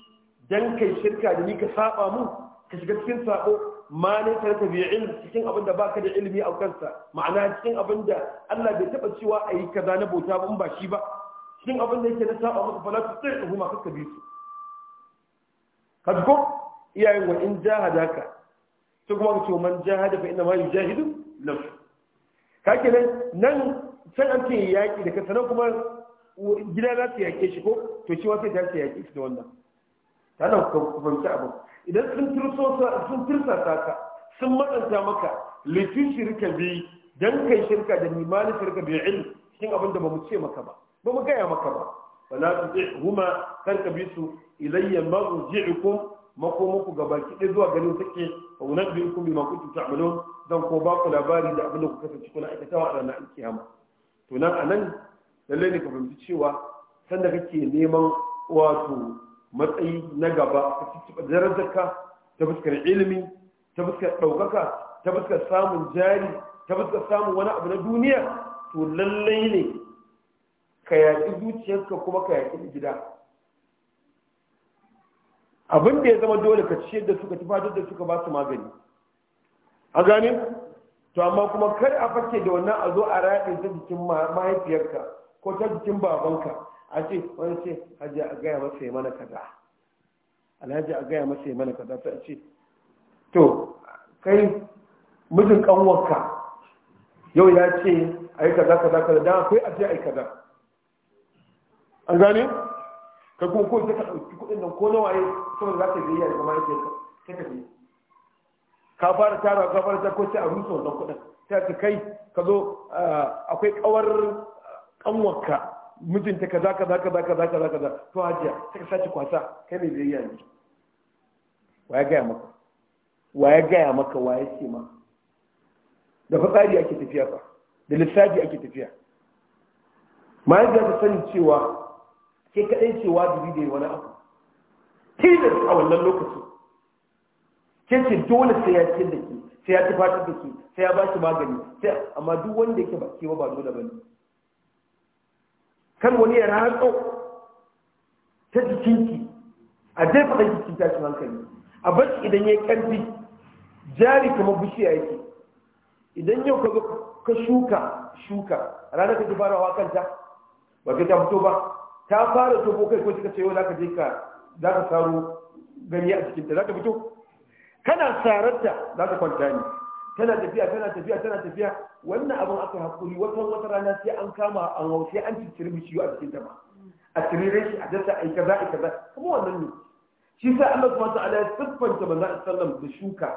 dan yi shirka da ni ka saba mu ka shiga cikin sako ma ne ta tabi ilm cikin abin da baka da ilimi a kansa ma'ana cikin abin da Allah bai taba cewa ayi yi kaza na bauta ba in ba shi ba cikin abin da yake na saba maka fala tu tsaya huma ka kabi su kadgo iyayen wa in jahadaka to kuma ka ce man jahada fa inna ma yujahidu nafsu kake nan nan san an ce yaki da ka sanan kuma gida za ta yake shi ko to shi wa sai ta yake shi da wannan yana kubanci abu idan sun tursa ka sun matsanta maka laifin shirka bi dan kai shirka da nimanin shirka bi ilmi cikin abin da ba mu ce maka ba ba mu gaya maka ba wala tu ti huma kar ka bi su ilayya marji'ukum makomanku ga baki ɗaya zuwa ganin take a bi biyu kun bi makuntu ta'malun dan ko ba ku labari da abin da ku kasa kuna aikatawa a ranar alkiyama to nan anan lalle lallai ne ka fahimci cewa sanda kake neman wato matsayi na gaba darajar darajarka ta fuskar ilimi ta fuskar ɗaukaka ta fuskar samun jari ta fuskar samun wani abu na duniya to lallai ne ka yaƙi zuciyarka kuma ka yaƙi gida abin da ya zama dole ka ciyar da suka tufatar da suka ba su magani a gani to amma kuma kar a fake da wannan a zo a raɗe ta jikin mahaifiyarka ko ta jikin babanka a wani ce hajji a gaya masa ya mana kaza alhaji a gaya masa ya mana kaza ta ce to kai mijin kanwarka yau ya ce a yi kaza kaza kaza don akwai aje a yi kaza an gane ka kuma kowai ta ka ɗauki kuɗin nan ko nawa yi saboda za ta yi da zama yake ta ka ka fara tara ka fara tara ko sai a rusa wannan kuɗin sai ka kai ka zo eh, akwai kawar kanwarka eh, mijinta kaza kaza kaza kaza kaza kaza to hajiya sai ka sace kwasa kai ne zai yi wa ya gaya maka wa ya gaya maka wa ya ce ma da fitsari ake tafiya fa da lissafi ake tafiya mahaifiya ta sani cewa ke kaɗai cewa dubi da yi wani abu tilas a wannan lokacin ke ce dole sai ya ce da ke sai ya tafatar da ke sai ya ba shi magani sai amma duk wanda yake ba ke kewa ba dole ba ne kan wani ya ratso ta jikinki a jefa da jikin tashin hankali a bashi idan ya karfi jari kamar bishiya yake idan yau ka shuka shuka ranar ka ji farawa kanta ba ka ta fito ba ta fara tofo kai ko kika ce yau zaka je ka zaka saro ganye a cikinta zaka fito kana sararta zaka kwanta ni. kana tafiya kana tafiya tana tafiya wannan abin aka hakuri wata wata rana sai an kama an hau sai an cicciri bishiyu a cikin jama'a a tirire shi a dasa a yi kaza a kaza kuma wannan ne shi sai Allah subhanahu ta'ala ya siffanta manzo sallam da shuka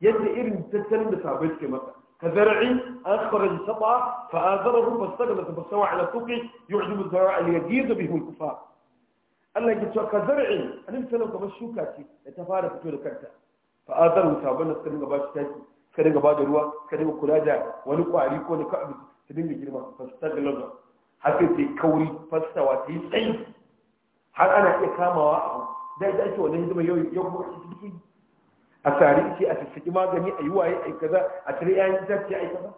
yadda irin tattalin da sabai suke masa كزرع أخرج سطع فآذره فاستغلت فاستوى على سوقه al الزراع bihi al الكفار Allah ya ce ka zar'i an sallam alaihi wasallam shuka ce da ta fara fito da kanta fa azar sabana bana sun ga bashi taki ka daga ba da ruwa ka daga kula da wani kwari ko da abu ta dinga girma fastaglaza har sai ta kauri fasawa ta yi tsayi har ana iya kamawa a abu da ita ake wannan hidima yau yau kuma ake a tsari ce a sassaki magani a yi waye a yi kaza a tare yayin zafi a yi kaza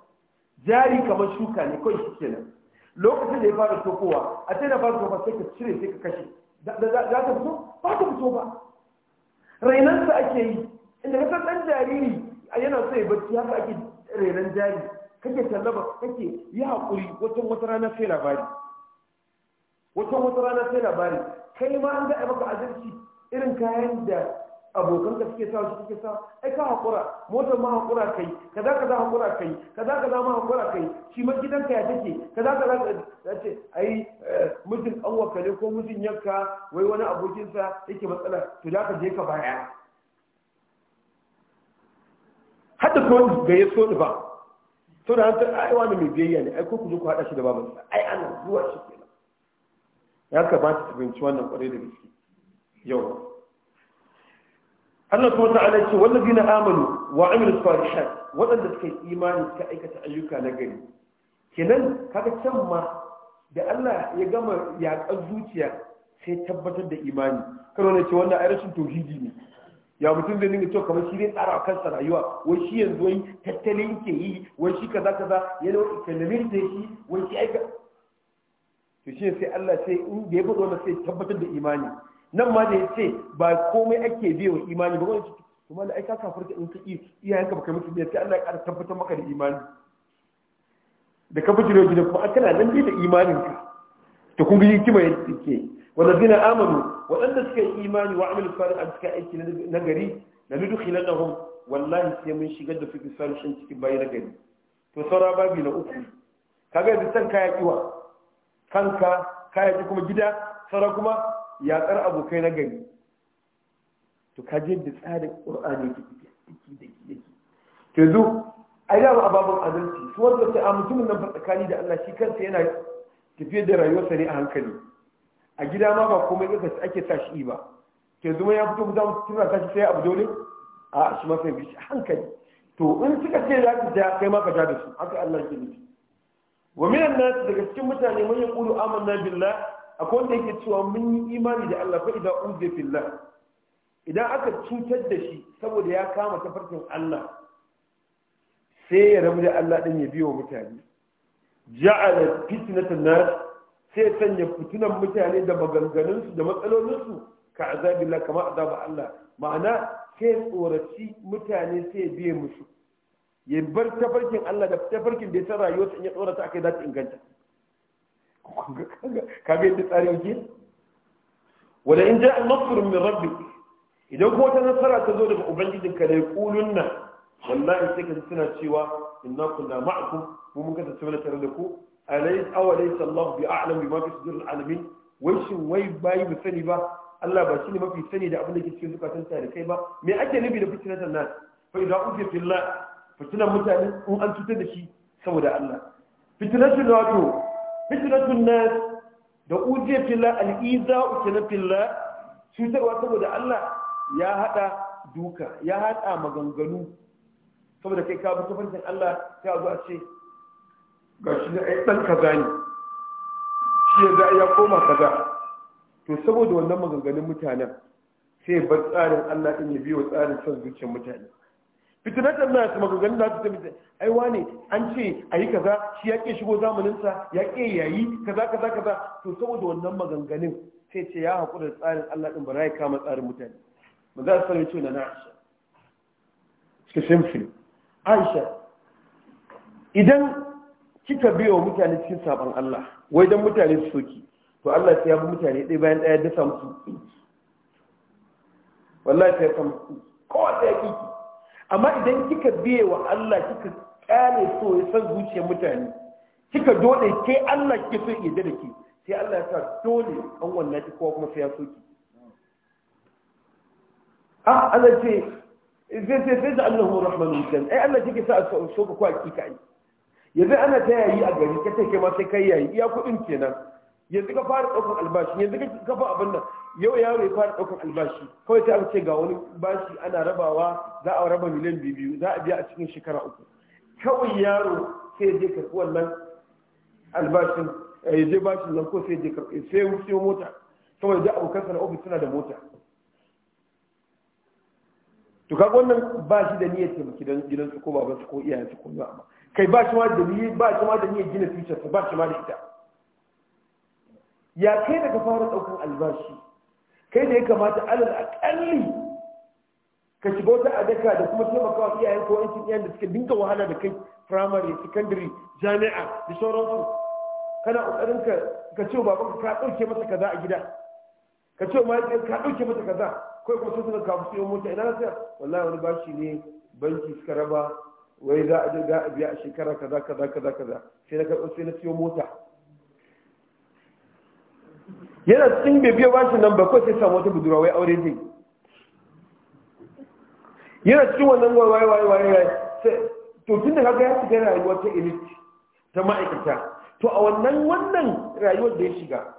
jari kamar shuka ne kawai shi nan. lokacin da ya fara tokowa a sai na fara tokowa sai ka cire sai ka kashe za ta fito ba ta fito ba rainansa ake yi inda ka san ɗan jariri yana so ya bacci haka ake renon jari kake tallaba kake yi haƙuri wata wata rana sai labari wata wata rana sai labari kai ma an ga maka azirci irin kayan da abokan ka suke sawa suke sawa ai ka haƙura motar ma haƙura kai kaza kaza haƙura kai kaza kaza ma haƙura kai shi ma gidanka ya take kaza kaza da ce ai eh, mijin an wakale ko mijin yanka wai wani abokinsa yake matsala to da ka je ka baya hadda ko ga ya so ba to da hantar ai wani mai biyayya ne ai ko ku zo ku hada shi da baban ai ana zuwa shi kenan ya kamata ta binci wannan kwarai da gaske yau Allah subhanahu wa ta'ala ce wallazina amanu wa amilus salihat wadanda suka yi imani suka aikata ayyuka na gari kenan kaga can ma da Allah ya gama yaƙar zuciya sai tabbatar da imani karo ne ce wannan ai rashin tauhidi ne ya mutum zai dinga cewa kamar shi zai tsara sa rayuwa wai shi yanzu wai tattalin ke yi wai shi kaza kaza yana wani economic da shi wai shi aika to shi sai Allah sai in da ya bazo wannan sai tabbatar da imani nan ma da ya ba komai ake biya wa imani ba wai to mallan ai ka kafirta in ka yi iyayenka baka mutu biya sai Allah ya ƙara tabbatar maka da imani da ka bijiro gidan kuma kana nan da imaninka to kun ga hikima yake Waɗanne zina Amadu, waɗanda suka yi imanin wa'amina farin aiki na gari na nidu filan na aho. mun shiga da suke farin shan cikin bayan gari. To saura babu na uku, kaga yaushe kanka ya ci kanka, ka ya kuma gida, saura kuma ya tsara abokai na gari. To kaje da tsarin qurani daidai, daidai, a yi laba ababen abinci. Su wancan ta, a mutumin nan fa da Allah shi kansa yana tafiye da rayuwarsa ne a hankali. a gida ma ba komai ɗin ake sa shi ba ke zuma ya fito guda mutum na tashi sai abu dole a shi ma sai bishi hankali to in suka ce za ki ja kai ma ka ja da su haka Allah ke nufi wa minan nan daga cikin mutane man yaqulu amanna billah akwai wanda yake cewa mun yi imani da Allah fa idza uzi billah idan aka cutar da shi saboda ya kama tafarkin Allah sai ya rabu da Allah din ya biyo mutane ja'ala fitnatan nas sai sanya fitunan mutane da maganganunsu da matsalolinsu ka azabillah kama azaba Allah ma'ana sai tsoraci mutane sai biye musu ya bar tafarkin Allah da tafarkin da ya san rayuwarsa in ya tsorata akai za ta inganta ga yadda tsari yake wala in ja'a nasr min rabbi idan kuma ta nasara ta zo daga ubangijinka da ya kulunna wallahi sai ka suna cewa inna kunna ma'akum mu mun kasance tare da ku awalai sallahu bi a'lam bi ma fi sudur alamin wai shin wai bayi mu sani ba Allah ba shine mafi sani da abin da ke cikin zukatan ta da kai ba me ake nufi da fitnatan nan fa idan uke fillah fitnan mutane in an cutar da shi saboda Allah fitnatun wato fitnatun nas da uje fillah al-iza ukina fillah cutarwa saboda Allah ya hada duka ya hada maganganu saboda kai ka bi tafarkin Allah sai a zo a ce ga shi ai dan kaza ne shi ya za ya koma kaza to saboda wannan maganganun mutanen sai bar tsarin Allah din ya biyo tsarin son zuciyar mutane da na nasu maganganun da su ta mutane ai wane an ce a yi kaza shi ya ke shigo zamaninsa ya ke yayi kaza kaza kaza to saboda wannan maganganun sai ce ya haƙura da tsarin Allah ɗin ba ya kama tsarin mutane ba za su sani cewa na Aisha ke shimfi Aisha idan kika biyo mutane cikin sabon Allah wai dan mutane su soki to Allah sai ya bi mutane dai bayan daya da samu wallahi sai kam ko da ya amma idan kika biye wa Allah kika kare so ya san zuciyar mutane kika dole ke Allah ke so ya da ke sai Allah ya sa dole an wannan ki ko kuma sai ya soki ah Allah ce zai sai sai da Allahu rahmanu kan ai Allah kike sa so ko hakika ai yanzu ana ta yayi a gari ka take ma sai kai yayi iya kuɗin kenan yanzu ka fara ɗaukar albashi yanzu ka kafa abin nan yau yaro ya fara ɗaukar albashi kawai ta ce ga wani bashi ana rabawa za a raba miliyan biyu za a biya a cikin shekara uku kawai yaro sai ya je karɓi wannan albashin eh, ya je bashi nan ko sai ya je karɓi sai ya wuce mota Kawai da abokansa na ofis suna da mota to kaga wannan bashi da niyyar taimaki don gidansu ko babansu ko iyayensu ko ba kai ba shi ma da ni ba shi ma da ni gina future ba shi ma da ita ya kai daga fara daukan albashi kai da ya kamata alal akalli ka shiga wata adaka da kuma taimakawa iyayen ko yancin iyayen da suke dinka wahala da kai primary secondary jami'a da sauransu kana kokarin ka ka ce baban ka dauke masa kaza a gida ka ce ma ka dauke masa kaza kai kuma sai suka kafu su mota ina na sai wallahi wani bashi ne banki suka raba wai za a je za a biya a shekara kaza kaza kaza kaza sai na karɓar sai na siyo mota yana cikin bai biya bashin nan ba kawai sai samu wata budurwa wai aure zai yana cikin wannan waye waye waye to tun da kaga ya shiga rayuwar ta elit ta ma'aikata to a wannan wannan rayuwar da ya shiga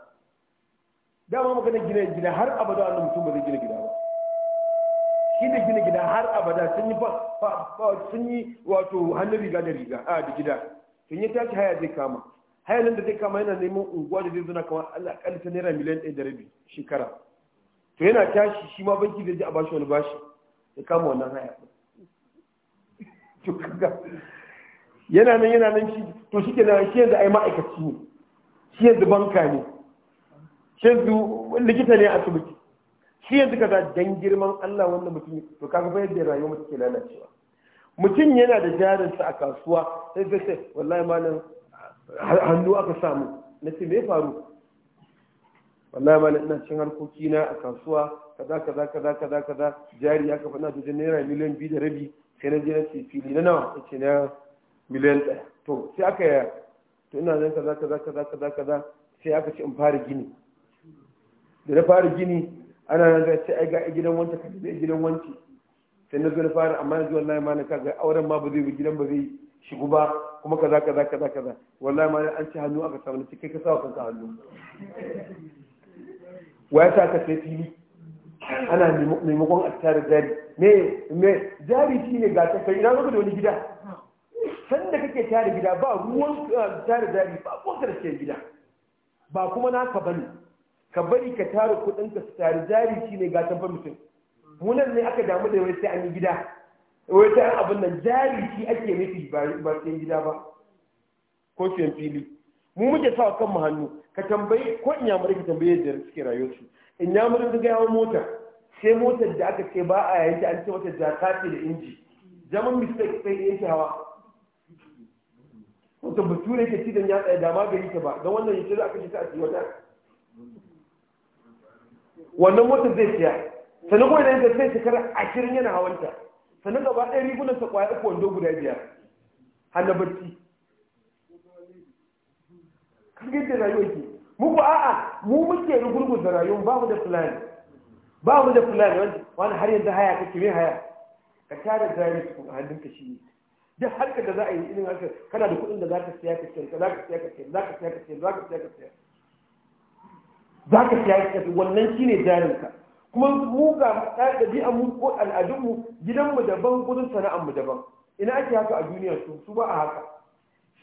dama magana gina gida har abada wannan mutum ba zai gina gida shine gina gida har abada sun yi sun yi wato hannun riga da riga a da gida to yi tashi haya zai kama hayanin da zai kama yana neman unguwa da zai zuna kamar Allah ta naira miliyan ɗaya da rabi shekara to yana tashi shi ma banki zai ji a bashi wani bashi ya kama wannan haya yana nan yana nan shi to shi kenan shi yanzu a yi ma'aikaci ne shi yanzu banka ne shi yanzu likita ne a asibiti shi yanzu kaza dan girman Allah wanda mutum to kaga fa yadda rayuwar mutum ke lalacewa mutum yana da jarinsa a kasuwa sai sai sai wallahi malam hannu aka samu na ce me faru wallahi malam ina cin harkoki na a kasuwa kaza kaza kaza kaza kaza jari aka kafa na da naira miliyan biyu da rabi sai na je na ce fili na nawa ce na miliyan ɗaya to sai aka yaya to ina zan kaza kaza kaza kaza kaza sai aka ce in fara gini da na fara gini ana nan ga sai ga gidan wanta ka je gidan wanci sai na zo na fara amma yanzu wallahi ma na kaga auren ma ba zai gidan ba zai shigu ba kuma kaza kaza kaza kaza wallahi ma an ci hannu aka samu kai ka sawa kanka hannu waya ta ka sai fili ana maimakon a tare jari me me jari shine ga ta kai ina zo da wani gida san da kake tare gida ba ruwan tare jari ba ko karshe gida ba kuma naka bane ka bari ka tara kudin ka su tare, jari ne gatan fa mutum munan ne aka damu da wai sai an yi gida wai sai an abin nan jari shi ake nufi ba sai gida ba ko siyan fili mu muke sa kan mu hannu ka tambayi ko in ya ka tambaye da suke rayuwarsu in ya murin ga yawon mota sai motar da aka ce ba a yanki an ce wata jaka da inji zaman mistake sai ya yanki hawa wata bature ke cidan ya tsaya dama gari ta ba don wannan yace za a kashe ta a wata wannan motar zai siya sannan kuma idan zai shekara ashirin yana hawanta sannan gaba ɗaya rigunan sa kwaya uku wando guda biyar har na barci kirgin da rayuwa ke mu a'a mu muke rugurguza rayuwar ba mu da fulani ba mu da fulani wani har yanzu haya kake mai haya ka tara driver su a ka shi ne duk harkar da za a yi irin harkar kana da kuɗin da za ka siya ka siya za ka siya ka siya za ka siya ka siya za ka siya ka siya za ka siya ka tafi wannan shi ne jarinka kuma mu ga ɗabi'an mu ko al'adunmu gidanmu daban gudun sana'anmu daban ina ake haka a duniya su su ba a haka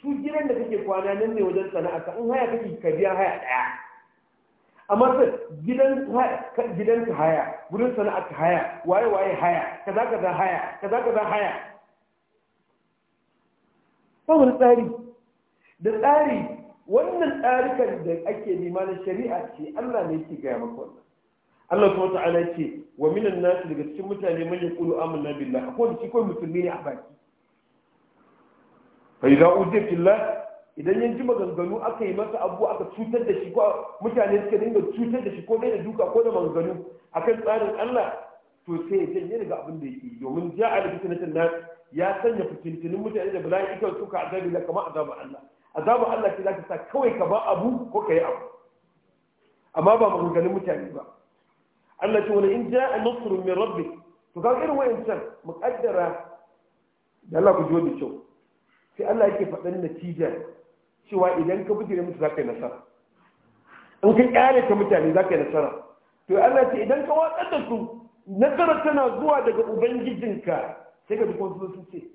su gidan da kake kwana nan ne wajen sana'arka in haya kake ka biya haya ɗaya amma sai gidan ka haya gudun sana'a ka haya waye waye haya kaza kaza haya kaza kaza haya ba wani tsari da tsari wannan tsarikan da ake nema na shari'a ce Allah ne yake gaya maka wannan Allah kuma ta'ala ce wa minan nasu daga cikin mutane man yaqulu amanna billah akwai shi kai musulmi ne a baki fa idza udiya billah idan ya ji maganganu aka yi masa abu aka cutar da shi ko mutane suka dinga cutar da shi ko dai da duka ko da maganganu akan tsarin Allah to sai ya janye daga abin da yake domin ja'a da nas ya sanya fitintunin mutane da bala'i suka azabi la kama azabin Allah azabu Allah ce za ta sa kawai ka ba abu ko ka yi abu amma ba maganganun mutane ba Allah ce wani in ja'a nasrun min rabbik to kaga irin wayancan muqaddara da Allah ku jiwo kyau sai Allah yake faɗan natija cewa idan ka bijire za zaka yi nasara in ka kyale ta mutane zaka yi nasara to Allah ce idan ka watsar da su nasara tana zuwa daga ubangijinka sai ka ji kuma sun ce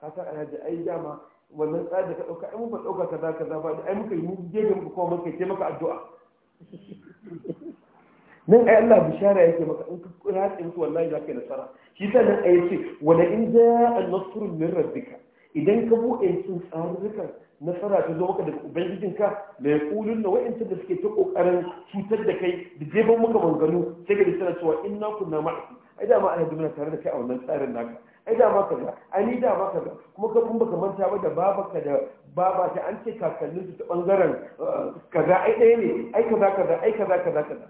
ka san alhaji ai dama wannan tsari da ka ɗauka ai muka ɗauka kaza kaza ba ai muka yi mu gefe muka kuma muka ce maka addu'a nan ai Allah bishara yake maka in ka ratse musu wallahi za ka yi nasara shi ta nan ai ce wala in ja an-nasru min rabbika idan ka buɗe cikin tsarurrukan nasara ta zo maka daga ubangijinka da ya kulun na wa'ancin da suke ta kokarin cutar da kai da jefan maka banganu sai ka da cewa inna kunna ma'akum ai da ma ana dumina tare da kai a wannan tsarin naka ai da maka da ai da maka da kuma ka kun baka manta ba da babaka da baba ta an ce kakannin su ta bangaren eh, kaza ai ɗaya ne ai kaza kaza ai kaza kaza kaza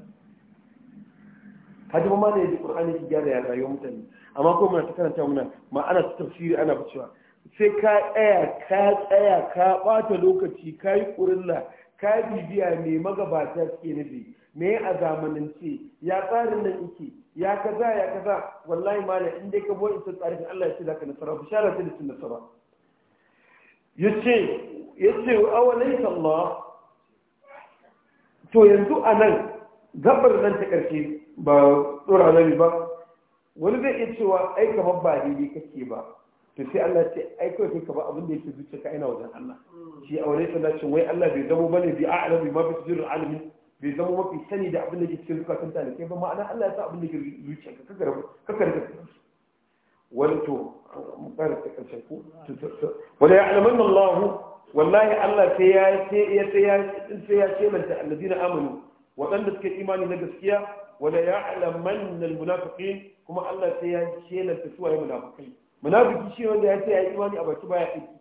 hajji ma ne ya ji ƙur'ani ki gyara ya rayuwar mutane amma ko muna ta karanta muna ma ana ta tafsiri ana bacewa sai ka tsaya ka tsaya ka ɓata lokaci ka yi ƙurilla ka bibiya mai magabata suke nufi me a zamanin ce ya tsarin nan yake ya kaza ya kaza wallahi malam in dai ka bo in san tsarin Allah ya ce zaka nasara bishara ce da cin nasara yace yace awalaysa Allah to yanzu anan gabar nan ta karshe ba tsora nabi ba wani zai iya cewa ai kamar ba daidai kake ba to sai Allah ce ai kawai kai ba abin da yake ka ina wajen Allah shi aure ta ce wai Allah bai zamo bane bi a'lamu ma fi sirrul alamin bai zama mafi sani da abin da ke cikin ta talibai ba ma'ana Allah ya sa abin da ke zuciya ka kakar kakar da wani to mu ƙara ta ƙarshen ku wala ya'lamanna Allah wallahi Allah sai ya sai ya sai ya ce manta alladina amanu waɗanda suke imani na gaskiya wani wala ya'lamanna almunafiqin kuma Allah sai ya ce manta suwaye munafiqai munafiki shi wanda ya ce ya imani a baki baya aiki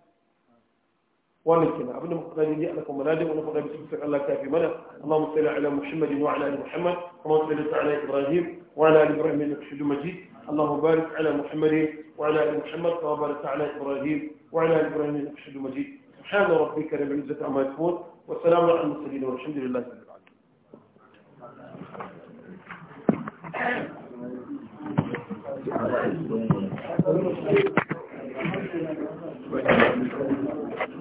وملكنا ابن مقتدي جاء لكم منادي ونفق بسم الله كافي منا اللهم صل على محمد وعلى ال محمد كما صليت على ابراهيم وعلى ال ابراهيم انك حميد مجيد اللهم بارك على محمد وعلى ال محمد كما باركت على ابراهيم وعلى ال ابراهيم انك حميد مجيد سبحان ربك رب العزه عما يصفون والسلام على المرسلين والحمد لله رب العالمين